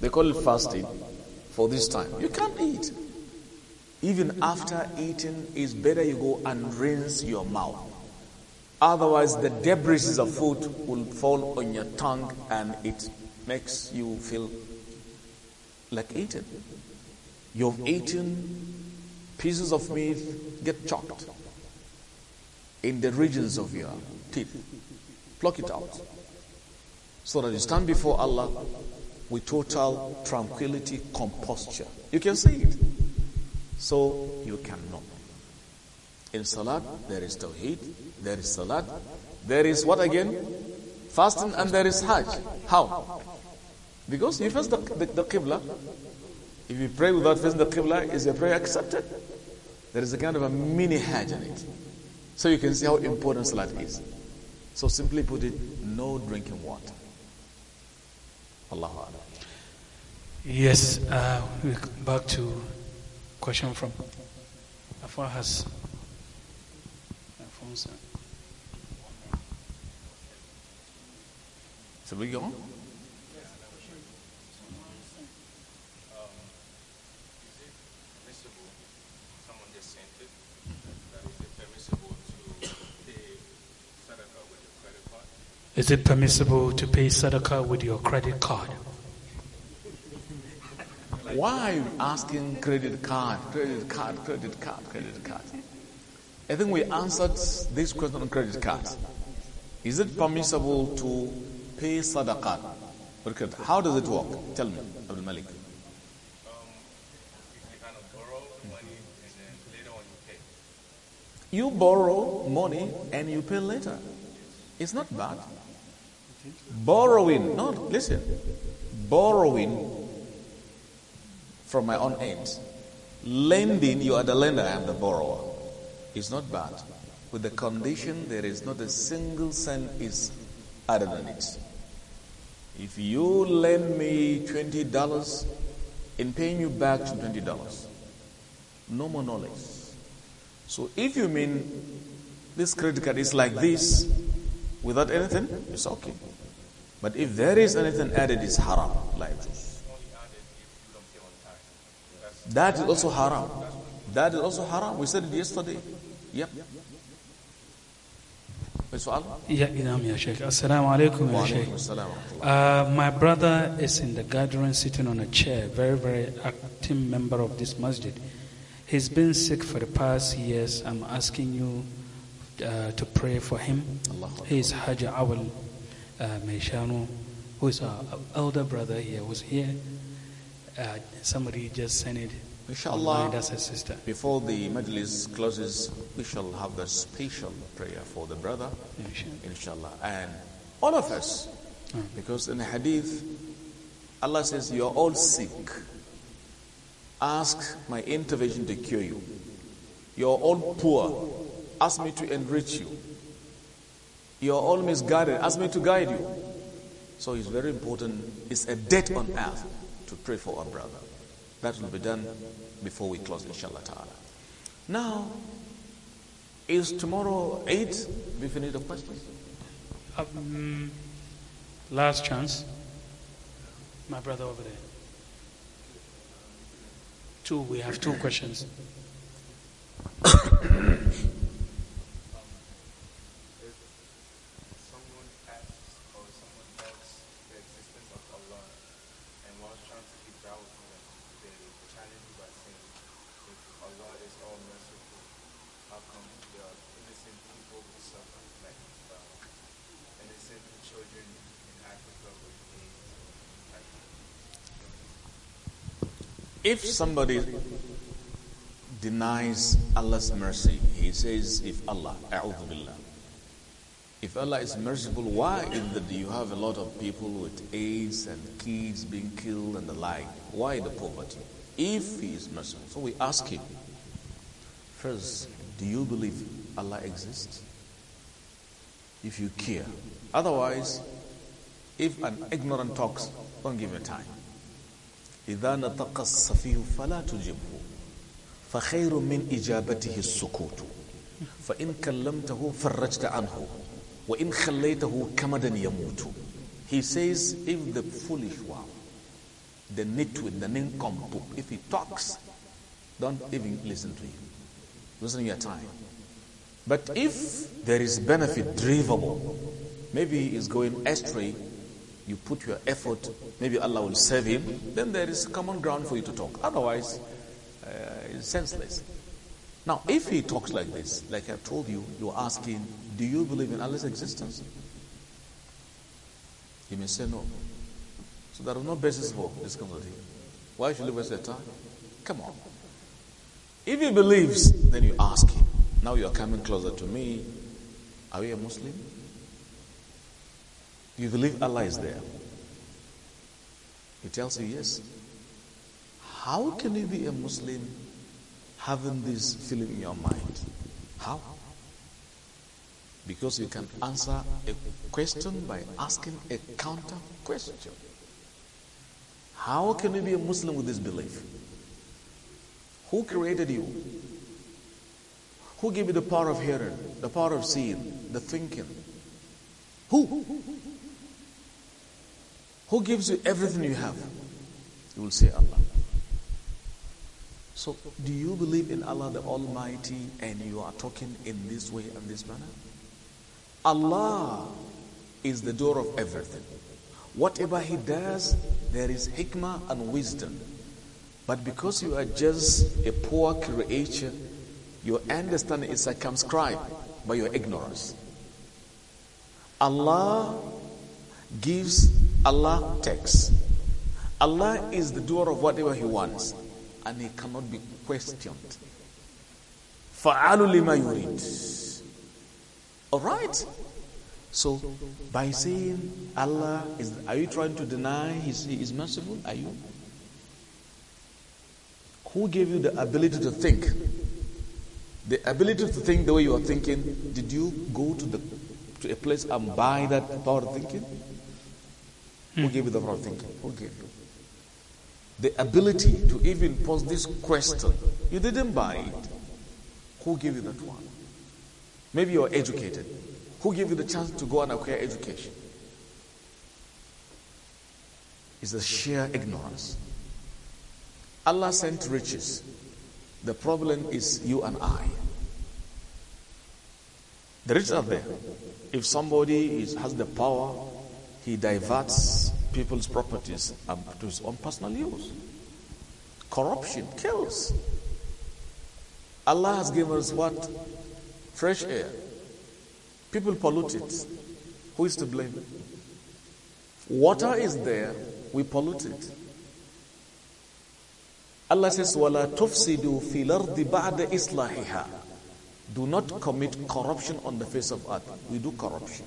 They call it fasting for this time. You can't eat. Even after eating, it's better you go and rinse your mouth. Otherwise, the debris of food will fall on your tongue and it makes you feel like eating. You've eaten pieces of meat get chopped in the regions of your teeth. Pluck it out. So that you stand before Allah with total tranquility, composture. You can see it. So you cannot. In Salat, there is Tawheed, there is Salat, there is what again? Fasting and there is Hajj. How? Because you face the, the, the Qibla, if you pray without facing the Qibla, is your prayer accepted? There is a kind of a mini hajj in it. So you can see how important Salat is. So simply put it, no drinking water. Allahu Akbar. Yes, uh, back to question from Afar has uh, Sir, So we go on? Is it permissible to pay sadaqah with your credit card? Why asking credit card, credit card, credit card, credit card? I think we answered this question on credit cards. Is it permissible to pay sadaqah with credit? How does it work? Tell me, Abdul Malik. Um, you borrow money and you pay later. It's not bad. Borrowing, no, listen, borrowing from my own end. Lending, you are the lender, I am the borrower. It's not bad. With the condition there is not a single cent is added on it. If you lend me $20, in paying you back to $20, no more, no less. So if you mean this credit card is like this, Without anything, it's okay. But if there is anything added, it's haram, like this. That is also haram. That is also haram. We said it yesterday. Yep. سؤال؟ Yeah, نعم Ya Sheikh. السلام عليكم يا My brother is in the garden sitting on a chair very very active member of this masjid He's been sick for the past years I'm asking you uh, to pray for him. He is Awal uh, Meshanu, who is our elder brother here, was here. Uh, somebody just sent it. Inshallah, that's his sister. Before the majlis closes, we shall have the special prayer for the brother. Inshallah. And all of us, hmm. because in the hadith, Allah says, You are all sick. Ask my intervention to cure you. You are all poor. Ask me to enrich you. You are all misguided. Ask me to guide you. So it's very important. It's a debt on earth to pray for our brother. That will be done before we close, inshallah ta'ala. Now, is tomorrow 8? We finish the question. Um, last chance. My brother over there. Two, we have two questions. If somebody denies Allah's mercy, he says, if Allah, billah. If Allah is merciful, why is that you have a lot of people with AIDS and kids being killed and the like? Why the poverty? If He is merciful. So we ask Him, first, do you believe Allah exists? If you care. Otherwise, if an ignorant talks, don't give him time. إذا نطق الصفي فلا تجبه فخير من إجابته السكوت فإن كلمته فرجت عنه وإن خليته كمدا يموت He says if the foolish one the nitwit, the nincompoop, if he talks, don't even listen to him. listen to your time. But if there is benefit drivable maybe he is going astray you put your effort, maybe Allah will save him, then there is common ground for you to talk. Otherwise, uh, it's senseless. Now, if he talks like this, like I told you, you're asking, do you believe in Allah's existence? He may say no. So there is no basis for this conversation. Why should we waste your time? Come on. If he believes, then you ask him. Now you are coming closer to me. Are you a Muslim? You believe Allah is there. He tells you yes. How can you be a Muslim having this feeling in your mind? How? Because you can answer a question by asking a counter question. How can you be a Muslim with this belief? Who created you? Who gave you the power of hearing, the power of seeing, the thinking? Who? Who gives you everything you have? You will say Allah. So, do you believe in Allah the Almighty and you are talking in this way and this manner? Allah is the door of everything. Whatever He does, there is hikmah and wisdom. But because you are just a poor creature, your understanding is circumscribed by your ignorance. Allah gives Allah takes. Allah is the doer of whatever He wants, and He cannot be questioned. فَعَلُ لِمَا يُرِيد All right? So, by saying Allah is, are you trying to deny He is merciful? Are you? Who gave you the ability to think? The ability to think the way you are thinking, did you go to, the, to a place and buy that power of thinking? Who gave you the wrong thinking? Who gave you? The ability to even pose this question. You didn't buy it. Who gave you that one? Maybe you're educated. Who gave you the chance to go and acquire education? It's the sheer ignorance. Allah sent riches. The problem is you and I. The riches are there. If somebody is, has the power, he diverts people's properties um, to his own personal use. Corruption kills. Allah has given us what? Fresh air. People pollute it. Who is to blame? Water is there, we pollute it. Allah says, وَلَا تُفْسِدُوا فِي الْأَرْضِ بَعْدَ إِصْلَاحِهَا Do not commit corruption on the face of earth. We do corruption.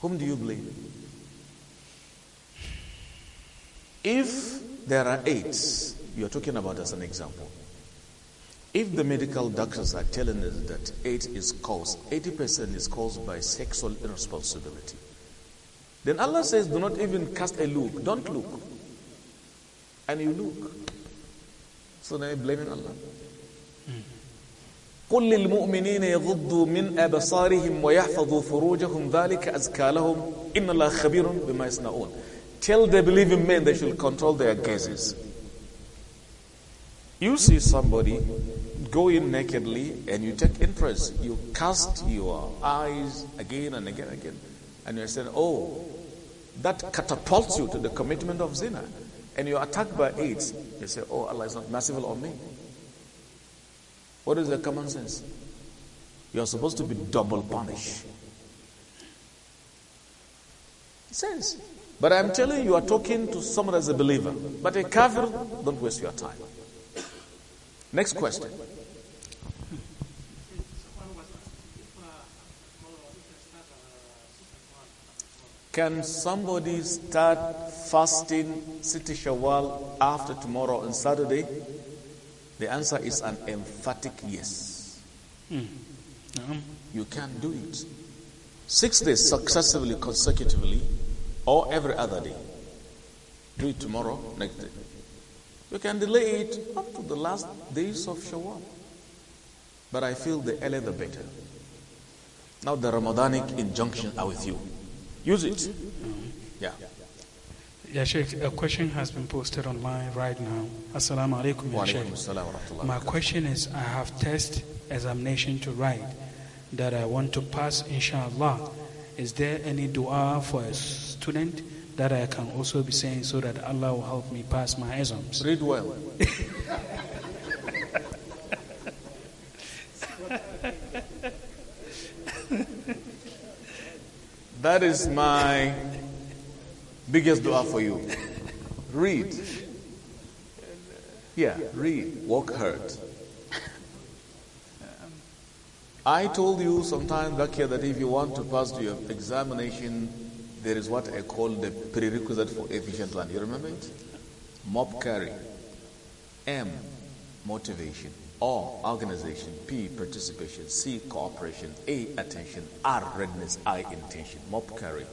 Whom do you blame? If there are eight, you are talking about as an example. If the medical doctors are telling us that eight is caused, 80% is caused by sexual irresponsibility, then Allah says, do not even cast a look. Don't look. And you look. So now you're blaming Allah. قل للمؤمنين يغضوا من أبصارهم ويحفظوا فروجهم ذلك أزكى لهم إن الله خبير بما يصنعون Tell the believing men they should control their gazes. You see somebody go in nakedly and you take interest. You cast your eyes again and again and again. And you're saying, oh, that catapults you to the commitment of zina. And you're attacked by AIDS. You say, oh, Allah is not merciful on me. What is the common sense? You are supposed to be double punished. Sense. But I'm telling you, you are talking to someone as a believer. But a kafir, don't waste your time. Next question. Can somebody start fasting City Shawwal after tomorrow on Saturday? The answer is an emphatic yes. You can do it. Six days successively, consecutively, or every other day. Do it tomorrow, next day. You can delay it up to the last days of Shawwal. But I feel the earlier the better. Now the Ramadanic injunctions are with you. Use it. Yeah. Yeah, Sheikh, a question has been posted online right now. Assalamu alaikum, ya Sheikh. My question is I have test examination to write that I want to pass, inshallah. Is there any dua for a student that I can also be saying so that Allah will help me pass my exams? Read well. that is my Biggest dua for you. Read. Yeah, read. Walk hard. I told you sometime back here that if you want to pass your examination, there is what I call the prerequisite for efficient learning. You remember it? Mob carry. M, motivation. O, organization. P, participation. C, cooperation. A, attention. R, readiness. I, intention. Mob carry.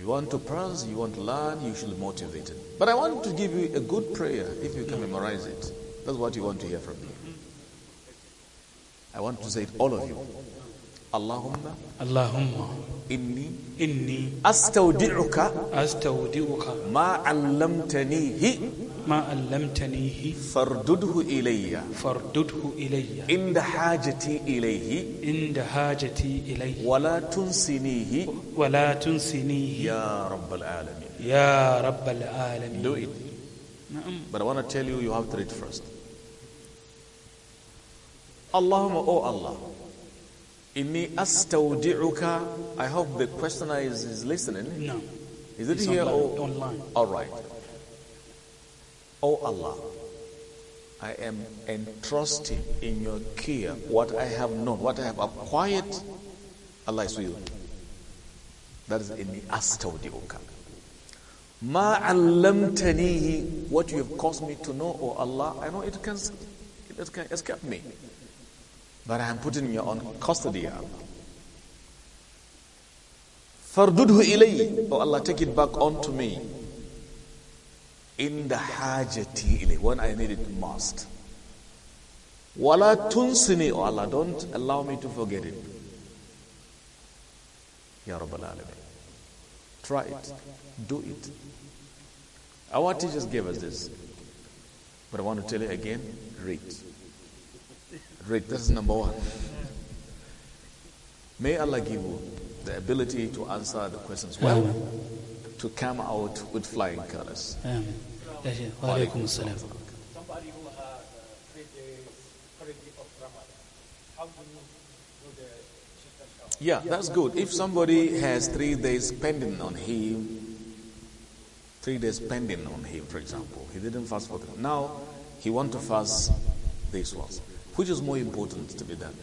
You want to prance, you want to learn, you should be motivated. But I want to give you a good prayer if you can memorize it. That's what you want to hear from me. I want to say it, all of you. Allahumma. Allahumma. إني إني أستودعك أستودعك ما Tanihi. ما علمتنيه فردده إلي فردده إلي عند حاجتي إليه عند حاجتي إليه ولا تنسنيه ولا تنسنيه يا رب العالمين يا رب العالمين do it نعم but I want to tell you you have to read first اللهم oh Allah إني أستودعك I hope the questioner is, is listening no is it it's here online. or online all right O oh Allah, I am entrusting in your care what I have known, what I have acquired. Allah is with you. That is in the astaudiuka. Ma allamtanihi, what you have caused me to know, O oh Allah, I know it can, it can escape me. But I am putting you on custody, Allah. Fardudhu O Allah, take it back onto me in the hajati when I need it most. Wala tunsini, O oh Allah, don't allow me to forget it. Ya Rabbi. Try it. Do it. Our teachers gave us this. But I want to tell you again read. Read. This is number one. May Allah give you the ability to answer the questions well to come out with flying colors. Yeah, that's good. If somebody has three days pending on him, three days pending on him, for example, he didn't fast for them. Now he want to fast these ones. Which is more important to be done?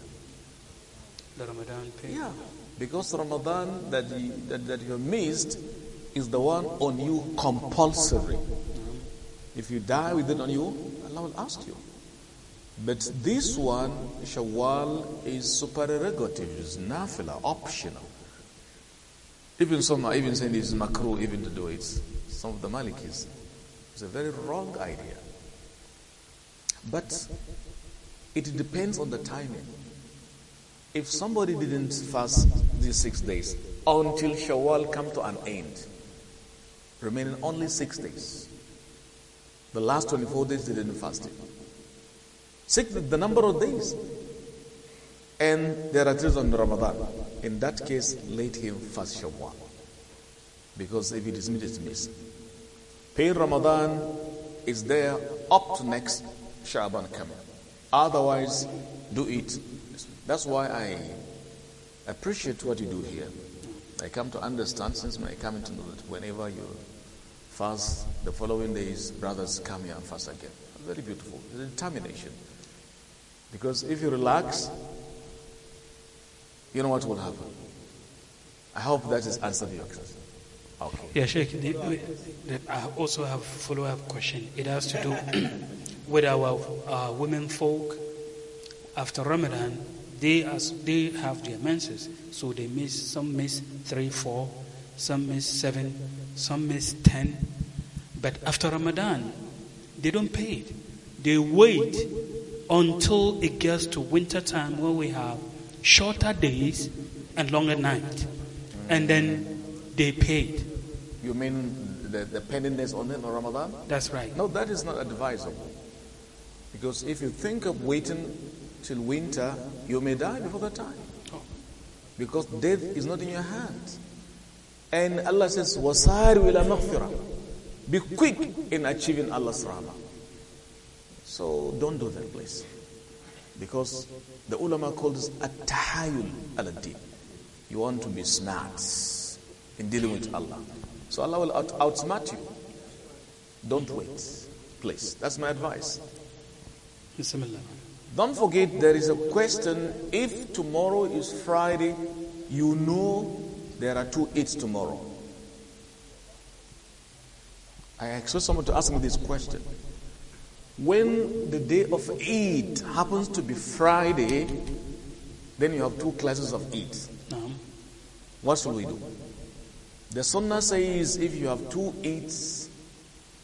The Ramadan period. Yeah, because Ramadan that you, that, that you missed is the one on you compulsory. If you die with it on you, Allah will ask you. But this one, Shawwal, is supererogative, is nafila, optional. Even some are even saying it's makruh even to do it. Some of the Malikis. It's a very wrong idea. But it depends on the timing. If somebody didn't fast these six days until Shawwal come to an end, remaining only six days. The last 24 days they didn't fast. Six, the number of days. And there are days on Ramadan. In that case, let him fast Shawwal. Because if it is missed, it's missed. Pay Ramadan is there up to next Shaban coming. Otherwise, do it. That's why I appreciate what you do here. I come to understand since my coming to know that whenever you fast. The following days, brothers come here and fast again. Very beautiful. The determination. Because if you relax, you know what will happen. I hope that is answered your question. Okay. Yeah, Sheikh, the, the, I also have follow up question. It has to do with our uh, women folk. After Ramadan, they, as, they have their menses, so they miss some miss three, four, some miss seven, some miss 10. But after Ramadan, they don't pay it. They wait until it gets to winter time where we have shorter days and longer night, And then they pay it. You mean the, the pendingness on it on Ramadan? That's right. No, that is not advisable. Because if you think of waiting till winter, you may die before that time. Oh. Because death is not in your hands. And Allah says, وَصَارِوا إِلَى Be quick in achieving Allah's rahmah. So don't do that, please. Because the ulama called this at-tahayul al You want to be smart in dealing with Allah. So Allah will out outsmart you. Don't wait, please. That's my advice. Don't forget there is a question if tomorrow is Friday, you know there are two Eids tomorrow. I expect someone to ask me this question. When the day of Eid happens to be Friday, then you have two classes of Eid. What should we do? The Sunnah says if you have two Eids,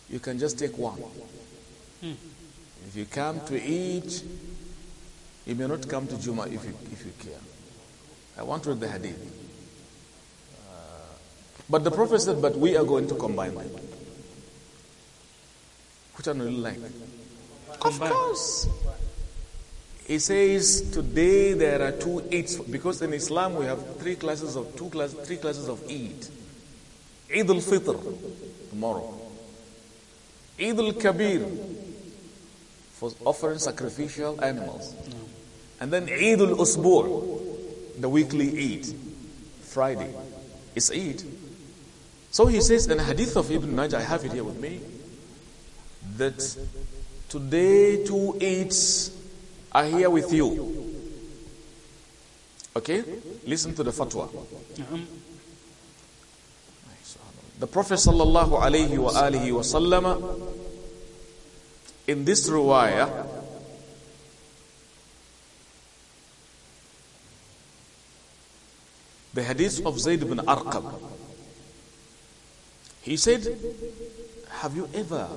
you can just take one. Hmm. If you come to Eid, you may not come to Juma if you, if you care. I want to read the hadith. But the Prophet said, but we are going to combine them. Which one do you like? Of course. He says today there are two eids because in Islam we have three classes of two class, three classes of Eid. Eid al Fitr tomorrow. Eid al Kabir for offering sacrificial animals. And then Eid al Usbur, the weekly Eid. Friday. It's Eid. So he says in a hadith of Ibn Majah, I have it here with me, that today two eights are here with you. Okay? Listen to the fatwa. The Prophet sallallahu alayhi wa alihi wa in this riwayah the hadith of Zayd ibn Arqam he said, Have you ever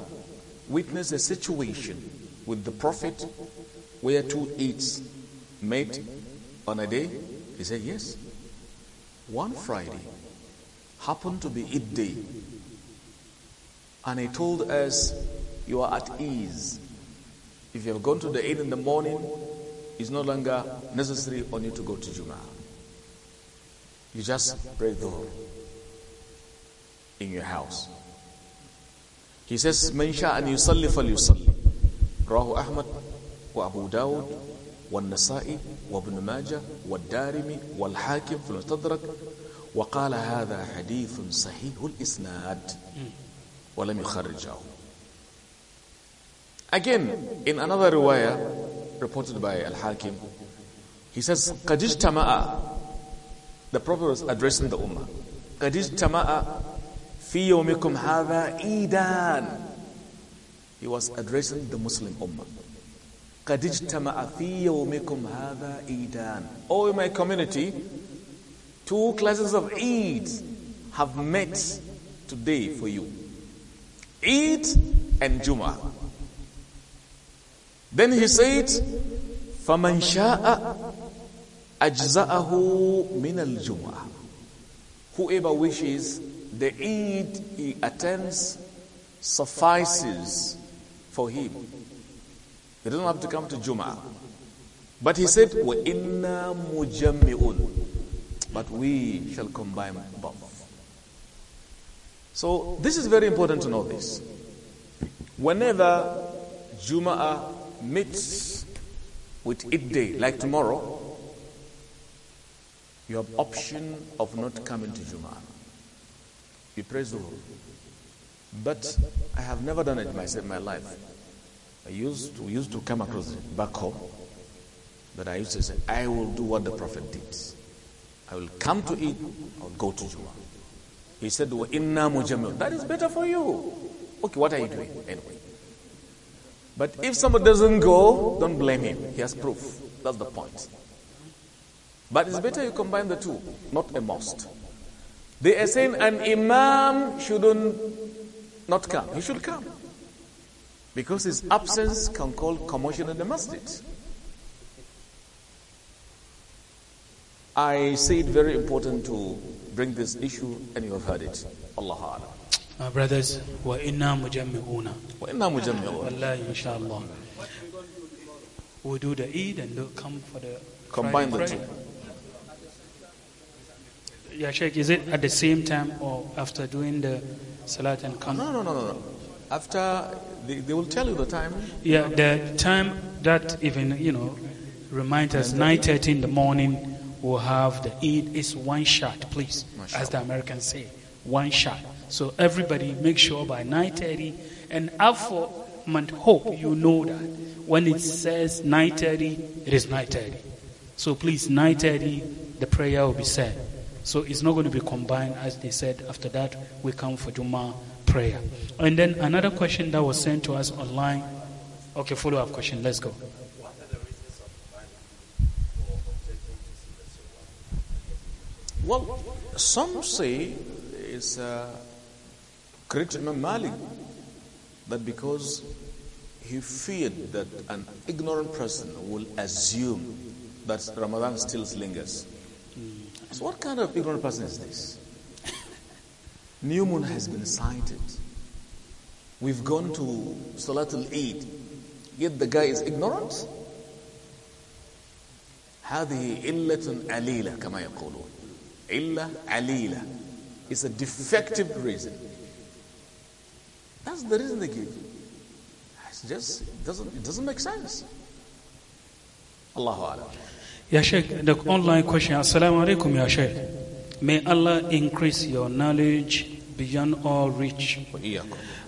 witnessed a situation with the Prophet where two eats met on a day? He said, Yes. One Friday happened to be Eid day. And he told us, You are at ease. If you have gone to the Eid in the morning, it's no longer necessary on you to go to Jummah. You just pray though in your house. He says, من شاء أن يصلي فليصلي. رواه أحمد وأبو داود والنسائي وابن ماجه والدارمي والحاكم في المستدرك وقال هذا حديث صحيح الإسناد ولم يخرجه. Again, in another riwayah reported by Al-Hakim, he says, قد اجتمع The Prophet was addressing the Ummah. قد اجتمع في يومكم هذا عيدان He was addressing the Muslim Ummah. قد اجتمع في يومكم هذا عيدان Oh, my community, two classes of Eid have met today for you. Eid and Juma. Then he said, فَمَنْ شَاءَ أَجْزَأَهُ مِنَ الْجُمْعَةِ Whoever wishes the Eid he attends suffices for him. He doesn't have to come to Juma. But he said, inna مُجَمِّعُونَ But we shall combine both. So this is very important to know this. Whenever Jum'ah meets with Eid day, like tomorrow, you have option of not coming to Juma praise pray Lord. But I have never done it myself in my life. I used to, used to come across it back home. But I used to say, I will do what the Prophet did. I will come to it, I will go to Juma. He said, well, Inna mujamil. That is better for you. Okay, what are you doing anyway? But if somebody doesn't go, don't blame him. He has proof. That's the point. But it's better you combine the two, not a must. They are saying an imam shouldn't not come. He should come. Because his absence can call commotion in the masjid. I see it very important to bring this issue and you have heard it. Allah Alam. My brothers, wa inna mujammi'una. Wa inna mujammi'una. Wallahi, inshallah. We do the Eid and come for the Combine Friday the two. Yeah, Sheikh, is it at the same time or after doing the Salat and Qanut? No, no, no, no, no. After, they, they will tell you the time. Yeah, the time that even, you know, reminds us uh, 9.30 in the morning we'll have the Eid It's one shot, please, as the Americans say, one shot. So everybody make sure by 9.30 and after month hope you know that when it says 9.30, it is 9.30. So please, 9.30, the prayer will be said. So it's not going to be combined, as they said. After that, we come for Juma prayer. And then another question that was sent to us online. Okay, follow up question. Let's go. Well, some say it's a uh, great Imam Malik that because he feared that an ignorant person will assume that Ramadan still lingers. So what kind of ignorant person is this? New moon has been sighted. We've gone to Salatul Eid, yet the guy is ignorant. هذه إلة عليلة كما يقولون إلة عليلة It's a defective reason. That's the reason they give. It's just it doesn't it doesn't make sense. Allahu Akbar. Ya Sheikh, the online question, Assalamu alaikum, Ya Sheikh. May Allah increase your knowledge beyond all reach.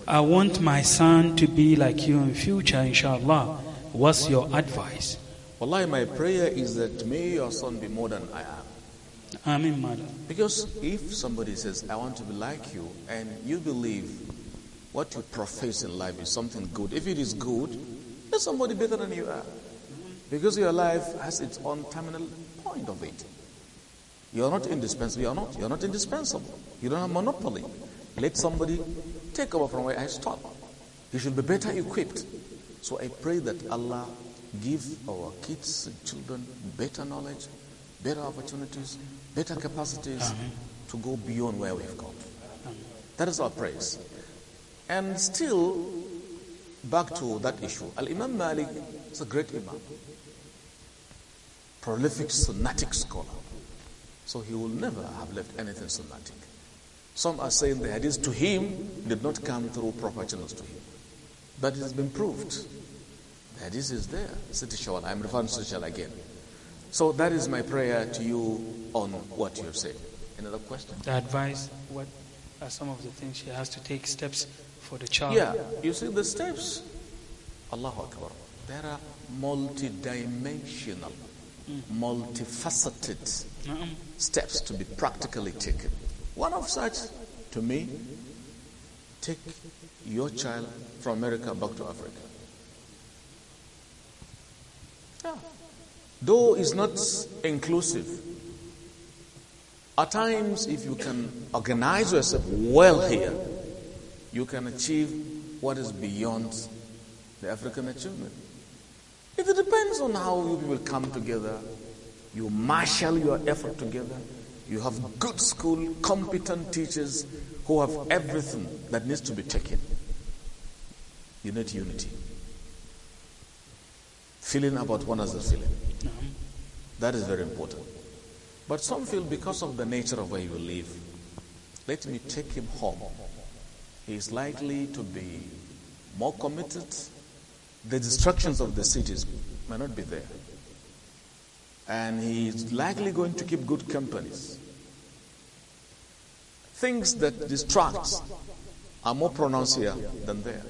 I want my son to be like you in future, inshallah. What's your advice? Wallahi, my prayer is that may your son be more than I am. Amen, madam. Because if somebody says, I want to be like you, and you believe what you profess in life is something good, if it is good, let somebody better than you are. Because your life has its own terminal point of it. You are not indispensable. You are not. You are not indispensable. You don't have monopoly. Let somebody take over from where I stop. You should be better equipped. So I pray that Allah give our kids and children better knowledge, better opportunities, better capacities Amen. to go beyond where we've gone. That is our praise. And still, back to that issue. Al Imam Malik is a great Imam prolific sunnatic scholar. So he will never have left anything sunnatic. Some are saying the hadith to him did not come through proper channels to him. But it has been proved. The hadith is there. Siti Shawala. I'm referring to Shawala again. So that is my prayer to you on what you have said. Another question? The advice, what are some of the things she has to take steps for the child? Yeah, you see the steps. Allahu Akbar. There are multidimensional multifaceted steps to be practically taken. One of such, to me, take your child from America back to Africa. Yeah. Though it's not inclusive, at times, if you can organize yourself well here, you can achieve what is beyond the African achievement. It depends on how you will come together. You marshal your effort together. You have good school, competent teachers who have everything that needs to be taken. You need unity. Feeling about one another feeling. That is very important. But some feel because of the nature of where you live, let me take him home. He is likely to be more committed the destructions of the cities may not be there. And he is likely going to keep good companies. Things that distract are more pronounced here than there.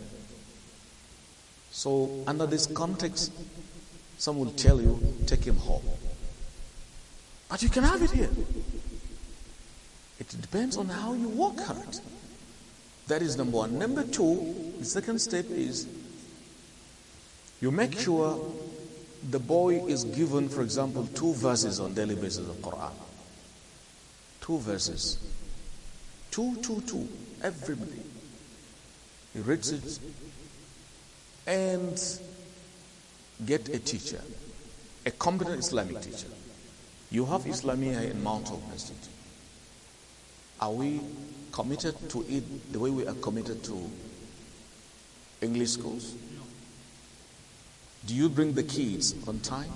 So, under this context, some will tell you, take him home. But you can have it here. It depends on how you work hard. That is number one. Number two, the second step is you make sure the boy is given, for example, two verses on daily basis of Quran. Two verses. Two, two, two. Everybody. He reads it and get a teacher, a competent Islamic teacher. You have Islamia in Mount of Institute. Are we committed to it the way we are committed to English schools? Do you bring the kids on time?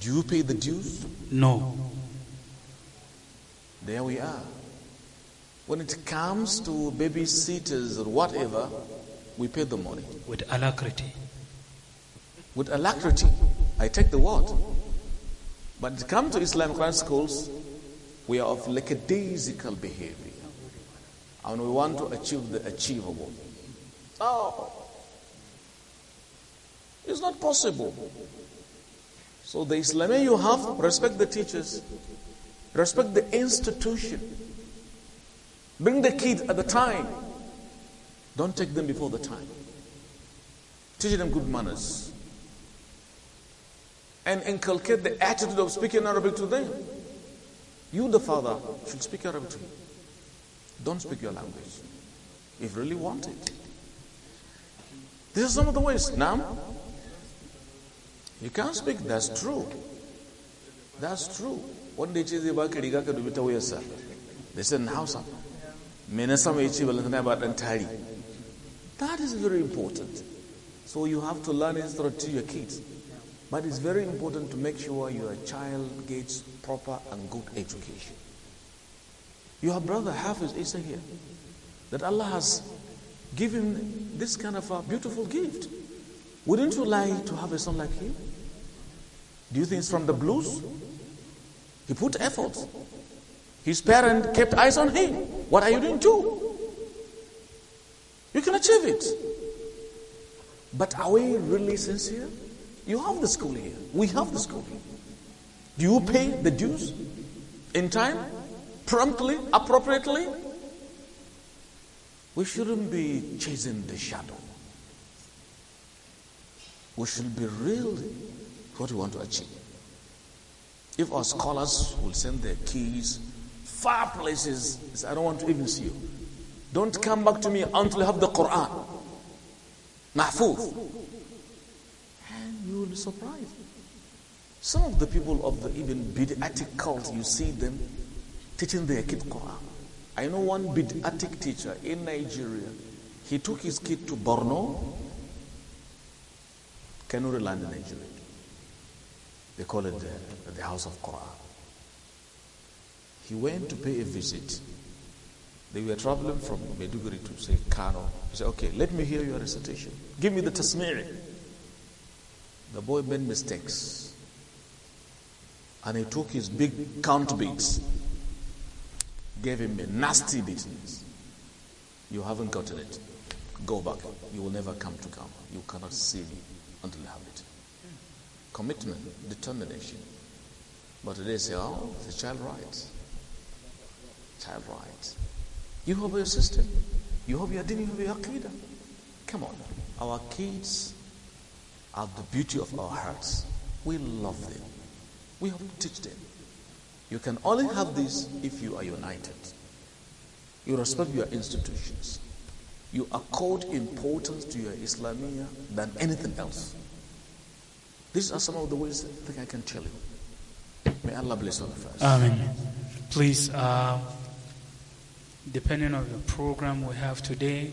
Do you pay the dues? No. There we are. When it comes to babysitters or whatever, we pay the money. With alacrity. With alacrity. I take the word. But to come to Islamic Quran schools, we are of lackadaisical behavior. And we want to achieve the achievable. Oh, it's not possible. So the Islamic, you have, respect the teachers, respect the institution. Bring the kids at the time. Don't take them before the time. Teach them good manners. And inculcate the attitude of speaking Arabic to them. You, the father, should speak Arabic to them. Don't speak your language. If you really want it. This is some of the ways. Now, you can't speak that's true that's true wanda ya ce zai baka riga ka dubi ta wuyarsa da shi na sama ya balantana ba dan that is very important so you have to learn it to your kids but it's very important to make sure your child gets proper and good education your brother Hafiz Isa here that Allah has given this kind of a beautiful gift wouldn't you like to have a son like him do you think it's from the blues? He put effort. His parent kept eyes on him. What are you doing too? You can achieve it. But are we really sincere? You have the school here. We have the school here. Do you pay the dues in time, promptly, appropriately? We shouldn't be chasing the shadow. We should be real what we want to achieve. If our scholars will send their keys far places, I don't want to even see you. Don't come back to me until you have the Quran. Mahfouz. And you will be surprised. Some of the people of the even bid'atic cult, you see them teaching their kid Quran. I know one bid'atic teacher in Nigeria. He took his kid to Borno, Kanuri land in Nigeria. They call it the, the house of Quran. He went to pay a visit. They were traveling from Meduguri to say Kano. He said, Okay, let me hear your recitation. Give me the tasmiri. The boy made mistakes. And he took his big count beats, gave him a nasty beating. You haven't gotten it. Go back. You will never come to Kano. You cannot see me until you have commitment, determination. But today say, oh, it's a child rights, Child rights." You have your system. You have your deen, you have your Come on. Our kids are the beauty of our hearts. We love them. We have to teach them. You can only have this if you are united. You respect your institutions. You accord importance to your Islamia than anything else. These are some of the ways I think I can tell you. May Allah bless all of us. Amen. Please, uh, depending on the program we have today,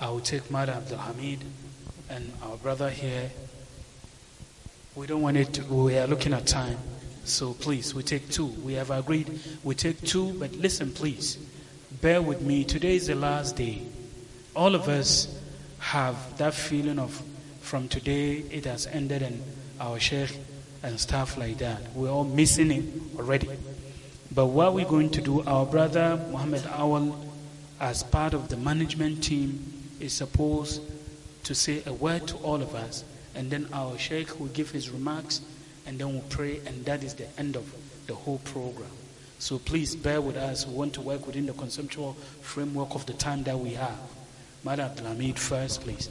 I will take Madam Abdul Hamid and our brother here. We don't want it. To, we are looking at time, so please, we take two. We have agreed we take two, but listen, please, bear with me. Today is the last day. All of us have that feeling of from today it has ended and our chef and stuff like that. We're all missing it already. But what we're going to do, our brother Muhammad Awal, as part of the management team, is supposed to say a word to all of us, and then our Sheikh will give his remarks, and then we'll pray, and that is the end of the whole program. So please bear with us. We want to work within the conceptual framework of the time that we have. Madam Abdulhamid, first, please.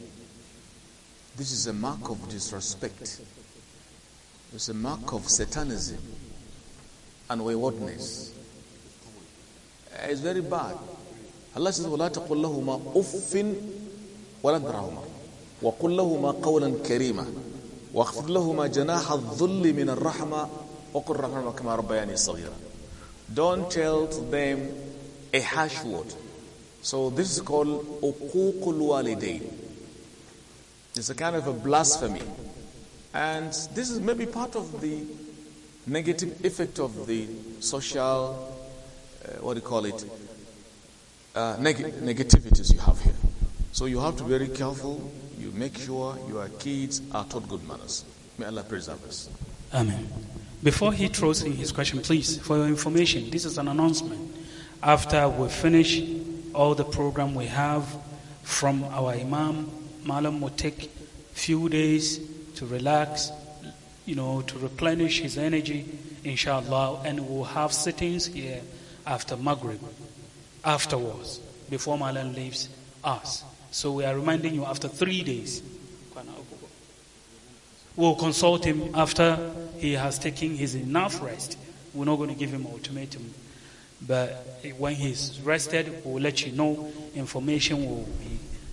This is a mark of disrespect. It's a mark of satanism and waywardness. It's very bad. Allah says, وَلَا تَقُلْ لَهُمَا أُفٍّ وَلَا تَرَهُمَا وَقُلْ لَهُمَا قَوْلًا كَرِيمًا واخفض لهما جناح الظل من الرحمة وقل رحمة كما ربياني صغيرا Don't tell them a harsh word. So this is called uququl walidain. It's a kind of a blasphemy. And this is maybe part of the negative effect of the social, uh, what do you call it, uh, neg negativities you have here. So you have to be very careful. You make sure your kids are taught good manners. May Allah preserve us. Amen. Before he throws in his question, please, for your information, this is an announcement. After we finish all the program we have from our Imam, Malam would take few days to relax, you know, to replenish his energy, inshallah, and we'll have sittings here after Maghrib, afterwards, before Malam leaves us. So we are reminding you after three days. We'll consult him after he has taken his enough rest. We're not going to give him ultimatum. But when he's rested, we'll let you know. Information will be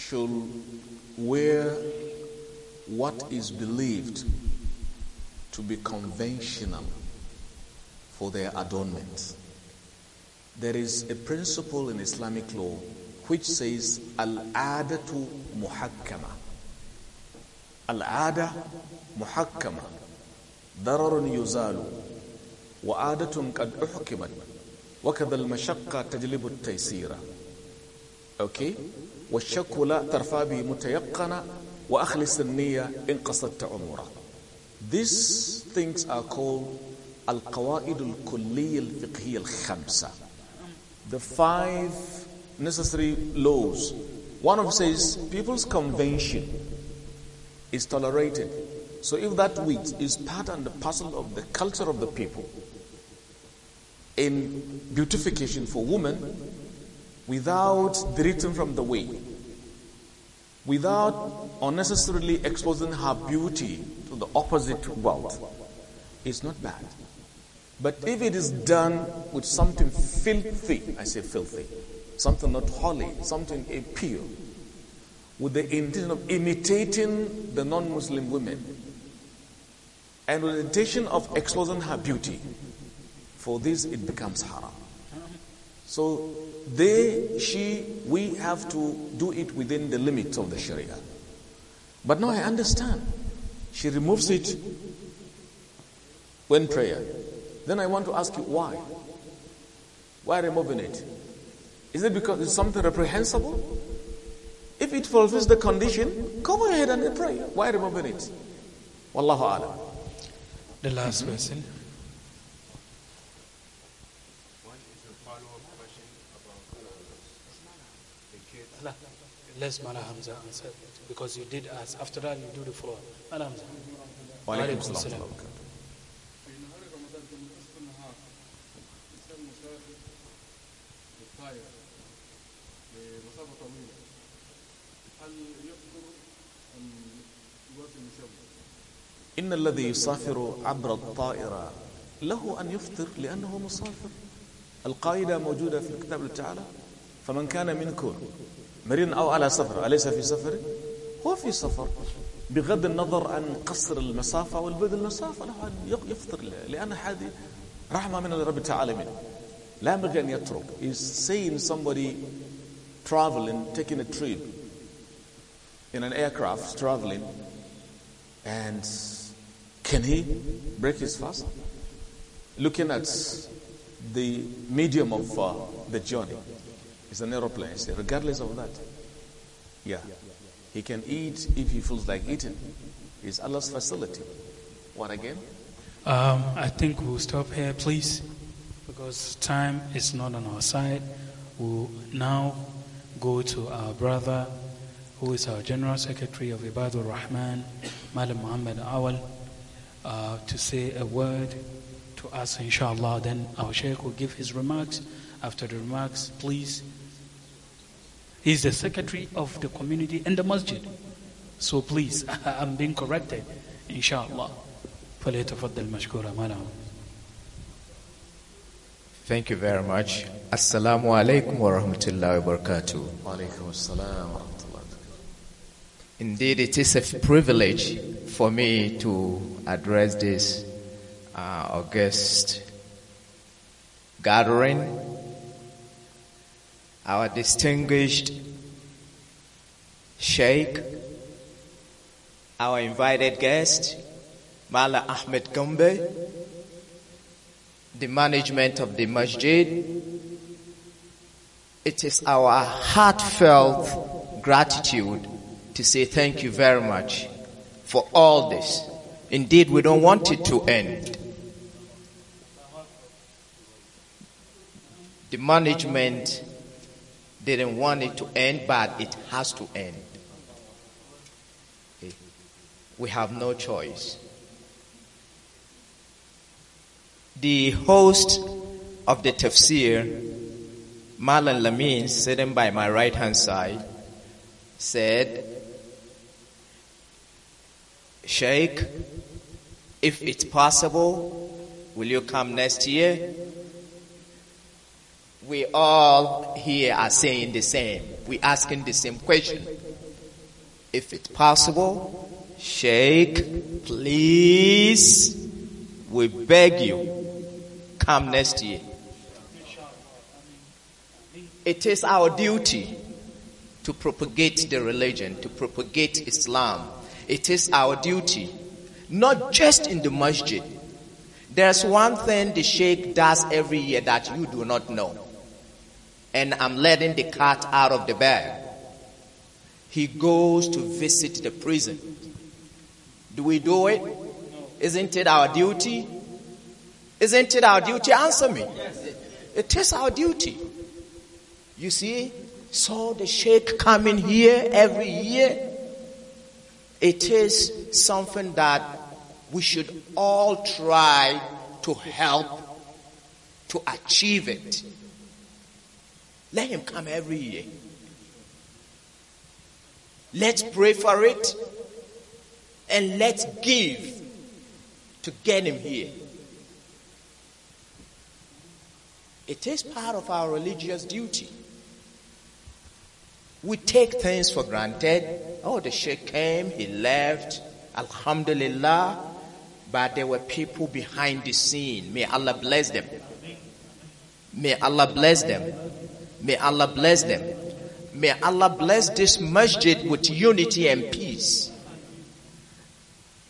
should wear what is believed to be conventional for their adornment. There is a principle in Islamic law which says al-adatu muhakkama. Al-ada muhakkama. ضرر يزال وعادة قد wa وكذا mashakka tajlibu taysira okay والشك لا ترفع به متيقنا وأخلص النية إن قصدت عمره These things are called القواعد الكلية الفقهية الخمسة The five necessary laws One of them says people's convention is tolerated So if that which is part and parcel of the culture of the people in beautification for women without drifting from the way, without unnecessarily exposing her beauty to the opposite world, is not bad. But if it is done with something filthy, I say filthy, something not holy, something impure, with the intention of imitating the non Muslim women, and with the intention of exposing her beauty, for this it becomes haram. So they, she, we have to do it within the limits of the Sharia. But now I understand. She removes it when prayer. Then I want to ask you why? Why removing it? Is it because it's something reprehensible? If it fulfills the condition, go ahead and pray. Why removing it? Wallahu alam. The last person. Let's Mala Hamza answer it because you did ask. After that, you do the follow-up. Mala Hamza. Wa alaikum assalam. أن إن الذي يسافر عبر الطائرة له أن يفطر لأنه مسافر القاعدة موجودة في الكتاب تعالى فمن كان منكم مريض أو على سفر أليس في سفر هو في سفر بغض النظر عن قصر المسافة والبعد المسافة له أن يفطر لأن هذه رحمة من الرب تعالى منه لا ينبغي أن يترك is seeing somebody traveling taking a trip in an aircraft traveling and can he break his fast looking at the medium of uh, the journey it's an aeroplane. It's regardless of that. Yeah. He can eat if he feels like eating. It's Allah's facility. What again? Um, I think we'll stop here, please, because time is not on our side. We'll now go to our brother, who is our General Secretary of Ibadur Rahman, Madam Muhammad Awal, uh, to say a word to us, inshallah. Then our Sheikh will give his remarks. After the remarks, please He's the secretary of the community and the masjid. So please, I'm being corrected. Inshallah. فليتفضل مشكورا معنا. Thank you very much. Assalamu alaikum wa rahmatullahi wa barakatuh. Indeed, it is a privilege for me to address this uh, august gathering our distinguished Sheikh, our invited guest, Mala Ahmed Gumbe, the management of the masjid. It is our heartfelt gratitude to say thank you very much for all this. Indeed, we don't want it to end. The management didn't want it to end, but it has to end. Eh, we have no choice. The host of the tafsir, Malan Lamin, sitting by my right hand side, said, Sheikh, if it's possible, will you come next year? we all here are saying the same. We're asking the same question. If it's possible, Sheikh, please, we beg you, come next year. It is our duty to propagate the religion, to propagate Islam. It is our duty, not just in the masjid. There's one thing the sheikh does every year that you do not know and I'm letting the cat out of the bag. He goes to visit the prison. Do we do it? Isn't it our duty? Isn't it our duty? Answer me. It is our duty. You see, saw so the sheikh coming here every year. It is something that we should all try to help to achieve it. Let him come every year. Let's pray for it and let's give to get him here. It is part of our religious duty. We take things for granted. Oh, the sheikh came, he left. Alhamdulillah. But there were people behind the scene. May Allah bless them. May Allah bless them. May Allah bless them. May Allah bless this masjid with unity and peace.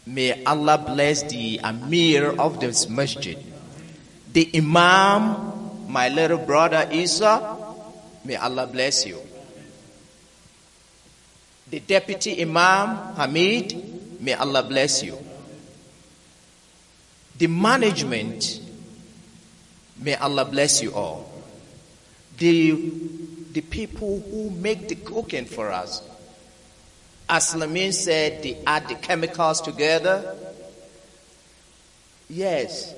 May Allah bless the Amir of this masjid. The Imam, my little brother Isa, may Allah bless you. The Deputy Imam Hamid, may Allah bless you. The management, may Allah bless you all the, the people who make the cooking for us. As Lamin said, they add the chemicals together. Yes,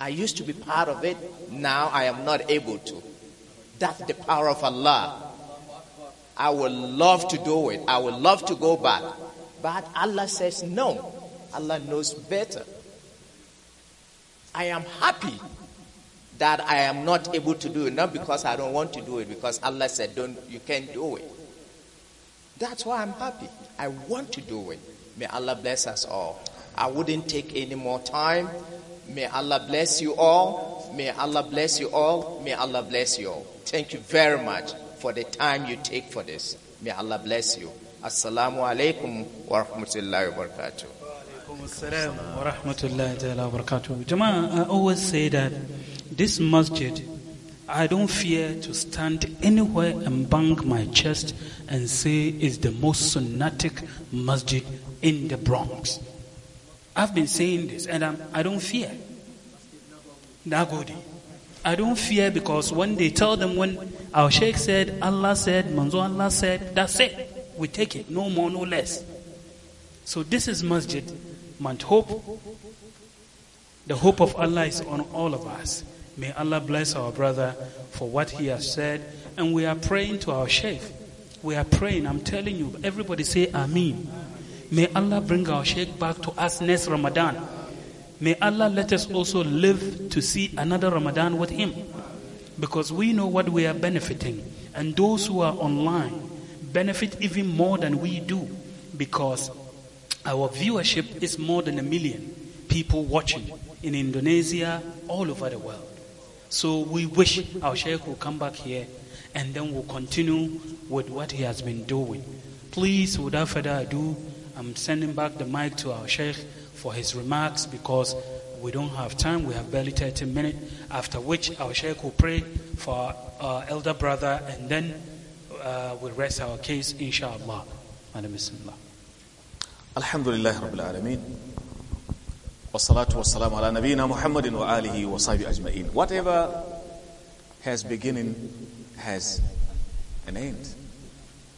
I used to be part of it. Now I am not able to. That's the power of Allah. I would love to do it. I would love to go back. But Allah says no. Allah knows better. I am happy that I am not able to do it, not because I don't want to do it, because Allah said, don't, you can't do it. That's why I'm happy. I want to do it. May Allah bless us all. I wouldn't take any more time. May Allah bless you all. May Allah bless you all. May Allah bless you all. Thank you very much for the time you take for this. May Allah bless you. Assalamu alaikum wa rahmatullahi wa barakatuh. Wa alaikum assalam wa rahmatullahi wa barakatuh. Jama, I always say that this masjid, I don't fear to stand anywhere and bang my chest and say it's the most sunnatic masjid in the Bronx. I've been saying this and I'm, I do not fear. Dagodi. I don't fear because when they tell them when our Sheikh said, Allah said, Manzo Allah said, that's it. We take it, no more, no less. So this is Masjid Mount Hope. The hope of Allah is on all of us. May Allah bless our brother for what he has said. And we are praying to our Sheikh. We are praying. I'm telling you, everybody say amin. May Allah bring our Sheikh back to us next Ramadan. May Allah let us also live to see another Ramadan with him. Because we know what we are benefiting. And those who are online benefit even more than we do. Because our viewership is more than a million people watching in Indonesia, all over the world. So we wish our Sheikh will come back here and then we'll continue with what he has been doing. Please, without further ado, I'm sending back the mic to our Sheikh for his remarks because we don't have time. We have barely 30 minutes, after which our Sheikh will pray for our elder brother and then uh, we'll rest our case, inshallah. Madam Bismillah. Alhamdulillah Rabbil Alameen. Wassalatu wassalamu ala Muhammadin wa alihi wa sahbihi ajma'in. Whatever has beginning has an end.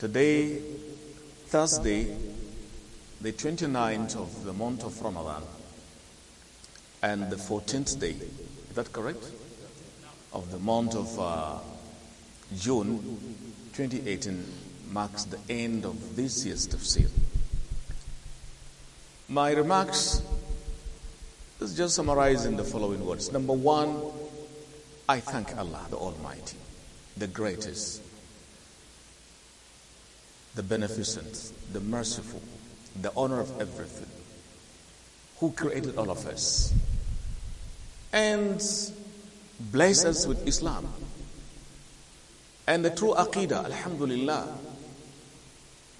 Today, Thursday, the 29th of the month of Ramadan and the 14th day, is that correct? Of the month of uh, June 2018 marks the end of this year's tafsir. My remarks Let's just summarize in the following words. Number one, I thank Allah, the Almighty, the Greatest, the Beneficent, the Merciful, the Owner of everything, who created all of us and bless us with Islam and the true Aqidah, Alhamdulillah.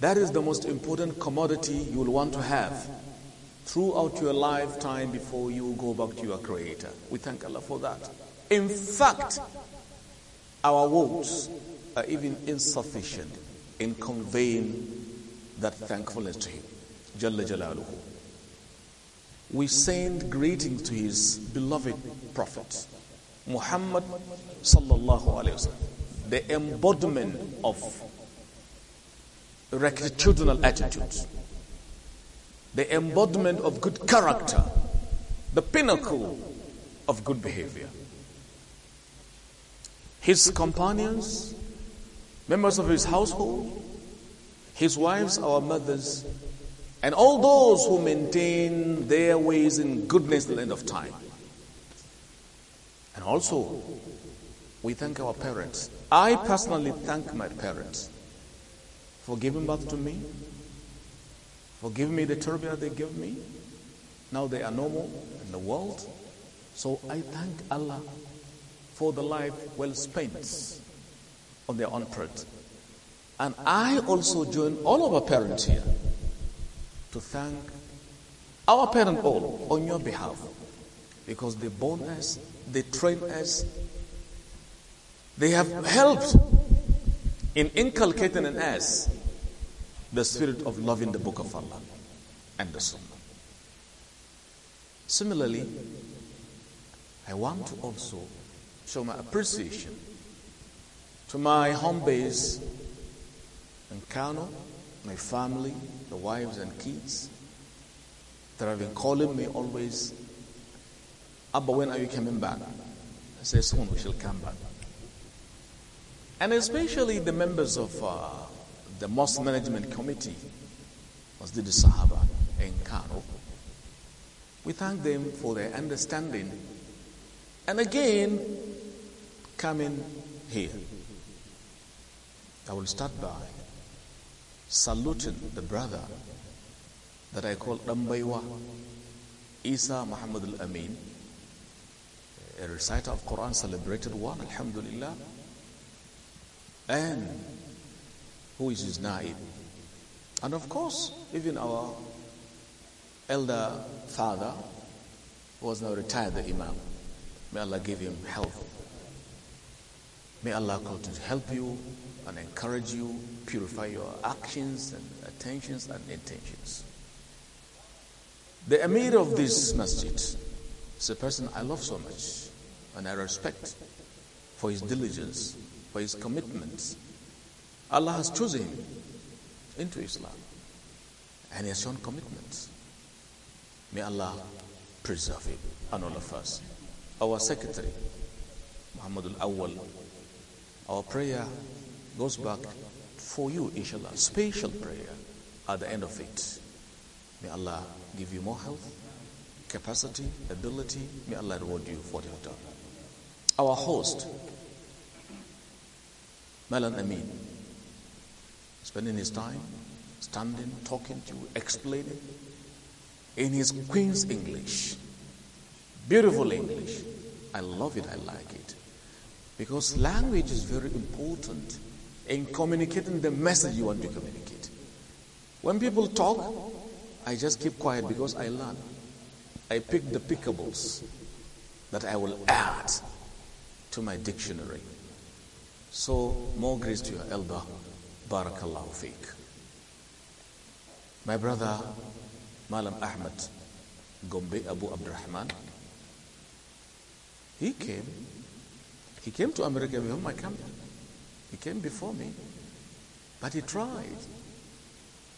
That is the most important commodity you will want to have throughout your lifetime before you go back to your Creator. We thank Allah for that. In fact, our words are even insufficient in conveying that thankfulness to Him. Jalla Jalaluhu. We send greetings to His beloved Prophet Muhammad Sallallahu Alaihi Wasallam, the embodiment of rectitudinal attitudes the embodiment of good character, the pinnacle of good behavior. His companions, members of his household, his wives, our mothers, and all those who maintain their ways in goodness till the end of time. And also, we thank our parents. I personally thank my parents for giving birth to me, Forgive me the turbia they gave me. Now they are normal in the world. So I thank Allah for the life well spent on their own part. And I also join all of our parents here to thank our parent all on your behalf because they born us, they train us, they have helped in inculcating in us the spirit of love in the book of Allah and the Sunnah. Similarly, I want to also show my appreciation to my home base in Kano, my family, the wives and kids that have been calling me always, Abba, when are you coming back? I say, soon we shall come back. And especially the members of uh, the Mosque Management Committee, Masjid Sahaba in Kano. We thank them for their understanding and again coming here. I will start by saluting the brother that I call Dambaiwa Isa Muhammad Al Amin, a reciter of Quran celebrated one, Alhamdulillah, and who is his naib. And of course, even our elder father was now retired the imam. May Allah give him health. May Allah continue to help you and encourage you, purify your actions and attentions and intentions. The emir of this masjid is a person I love so much and I respect for his diligence, for his commitment, Allah has chosen him into Islam and he has shown commitment. May Allah preserve him and all of us. Our secretary, Muhammad Al Awal, our prayer goes back for you, inshallah. Special prayer at the end of it. May Allah give you more health, capacity, ability. May Allah reward you for the hotel. Our host, Malan Amin spending his time standing, talking to you, explaining in his Queen's English. Beautiful English. I love it, I like it. Because language is very important in communicating the message you want to communicate. When people talk, I just keep quiet because I learn. I pick the pickables that I will add to my dictionary. So, more grace to your elder. Barakallahu feek. My brother, Malam Ahmed Gombe Abu Abdurrahman, he came. He came to America with my I He came before me, but he tried.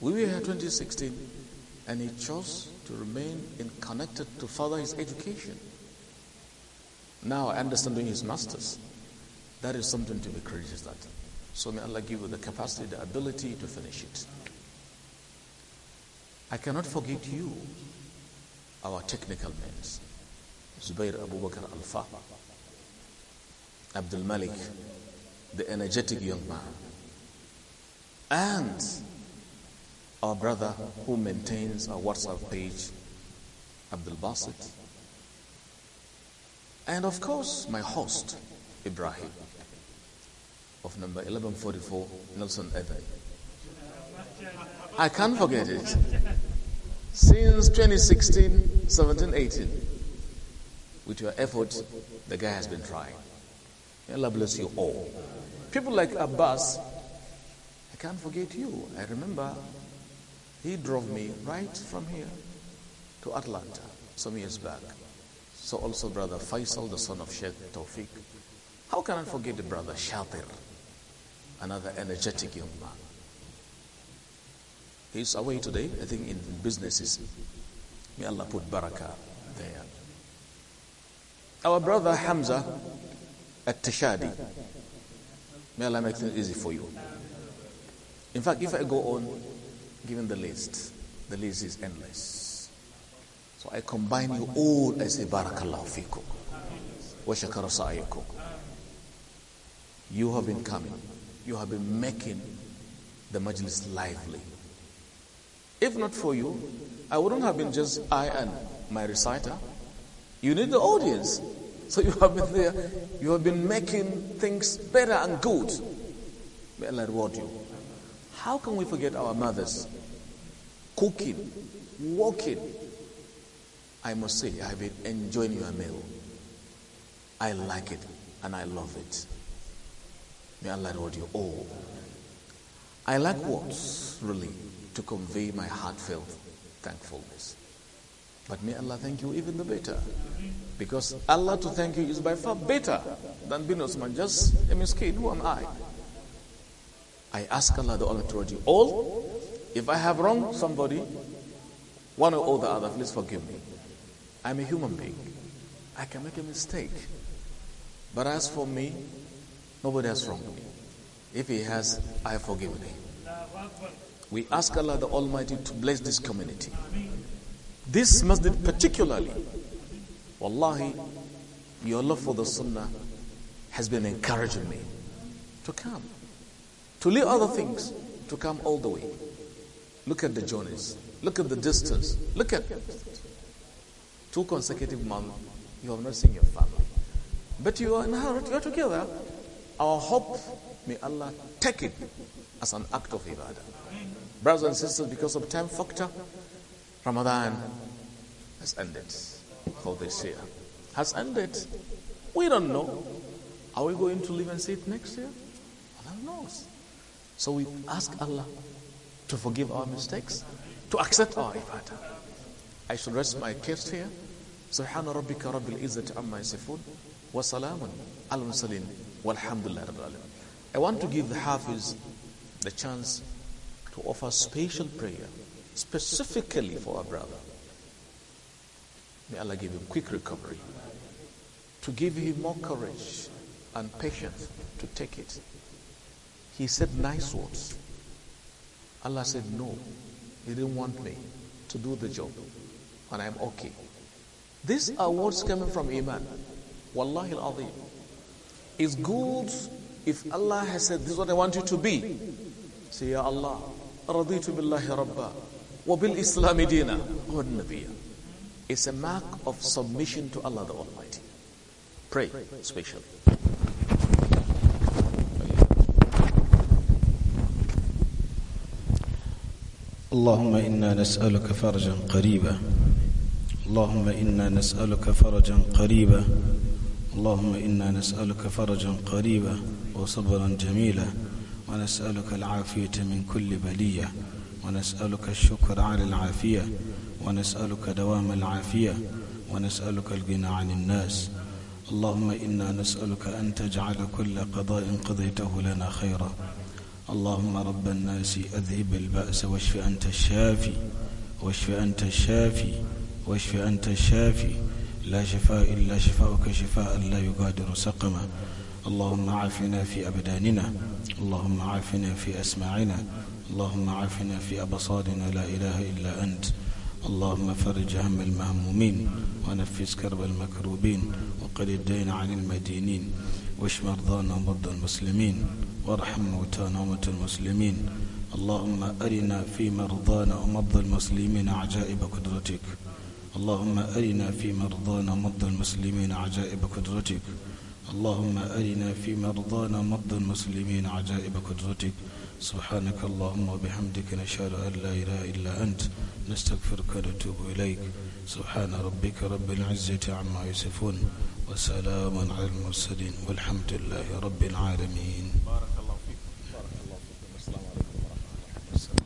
We were here 2016, and he chose to remain in connected to further his education. Now I understand doing his masters. That is something to be criticized. So may Allah give you the capacity, the ability to finish it. I cannot forget you, our technical men, Zubair Abu Bakr Al Fa, Abdul Malik, the energetic young man, and our brother who maintains our WhatsApp page, Abdul Basit, and of course my host, Ibrahim of number 1144 Nelson Avenue. I can't forget it. Since 2016, 17, 18, with your effort, the guy has been trying. Allah bless you all. People like Abbas, I can't forget you. I remember he drove me right from here to Atlanta some years back. So also brother Faisal, the son of Sheikh Tawfiq. How can I forget the brother Shatir? another energetic young man. He's away today, I think, in businesses. May Allah put barakah there. Our brother Hamza at Tashadi. May Allah make things easy for you. In fact, if I go on giving the list, the list is endless. So I combine you all, as say, Barakallahu fikum. Wa shakara sa'ikum. You have been coming you have been making the majlis lively. If not for you, I wouldn't have been just I and my reciter. You need the audience. So you have been there. You have been making things better and good. May Allah reward you. How can we forget our mothers? Cooking, walking. I must say, I have been enjoying your meal. I like it and I love it. May Allah reward you all. I lack words, really, to convey my heartfelt thankfulness. But may Allah thank you even the better. Because Allah to thank you is by far better than being a Osman, just a miskin, who am I? I ask Allah the honor to reward you all. If I have wronged somebody, one or the other, please forgive me. I'm a human being. I can make a mistake. But as for me, Nobody has wronged me. If he has, I have forgiven him. We ask Allah the Almighty to bless this community. This masjid particularly. Wallahi, your love for the sunnah has been encouraging me to come. To leave other things, to come all the way. Look at the journeys. Look at the distance. Look at two consecutive months. You have not seen your family. But you are in you are together. Our hope, may Allah take it as an act of ibadah. Brothers and sisters, because of time factor, Ramadan has ended for this year. Has ended. We don't know. Are we going to live and see it next year? Allah knows. So we ask Allah to forgive our mistakes, to accept our ibadah. I should rest my case here. سبحان ربك رب العزة عما يصفون وسلام على المرسلين Alhamdulillah. I want to give the Hafiz the chance to offer special prayer specifically for our brother. May Allah give him quick recovery, to give him more courage and patience to take it. He said nice words. Allah said, No, he didn't want me to do the job, and I'm okay. These are words coming from Iman. Wallahi al is good if Allah has said, This is what I want you to be. Say, Ya Allah, Raditu billahi rabba, wa bil islami dina, It's a mark of submission to Allah the Almighty. Pray, especially. اللهم إنا نسألك فرجا قريبا اللهم إنا نسألك فرجا قريبا اللهم إنا نسألك فرجا قريبا وصبرا جميلا ونسألك العافية من كل بلية ونسألك الشكر على العافية ونسألك دوام العافية ونسألك الغنى عن الناس اللهم إنا نسألك أن تجعل كل قضاء قضيته لنا خيرا اللهم رب الناس أذهب البأس واشف أنت الشافي واشف أنت الشافي واشف أنت الشافي لا شفاء إلا شفاءك شفاء لا يغادر سقما اللهم عافنا في أبداننا اللهم عافنا في أسماعنا اللهم عافنا في أبصارنا لا إله إلا أنت اللهم فرج هم المهمومين ونفس كرب المكروبين وقل الدين عن المدينين واشف مرضانا ومرضى المسلمين وارحم موتانا وموتى المسلمين اللهم أرنا في مرضانا ومرضى المسلمين عجائب قدرتك اللهم أرنا في مرضانا مرضى المسلمين عجائب قدرتك اللهم أرنا في مرضانا مرضى المسلمين عجائب قدرتك سبحانك اللهم وبحمدك نشهد أن لا إله إلا أنت نستغفرك ونتوب إليك سبحان ربك رب العزة عما يصفون وسلام على المرسلين والحمد لله رب العالمين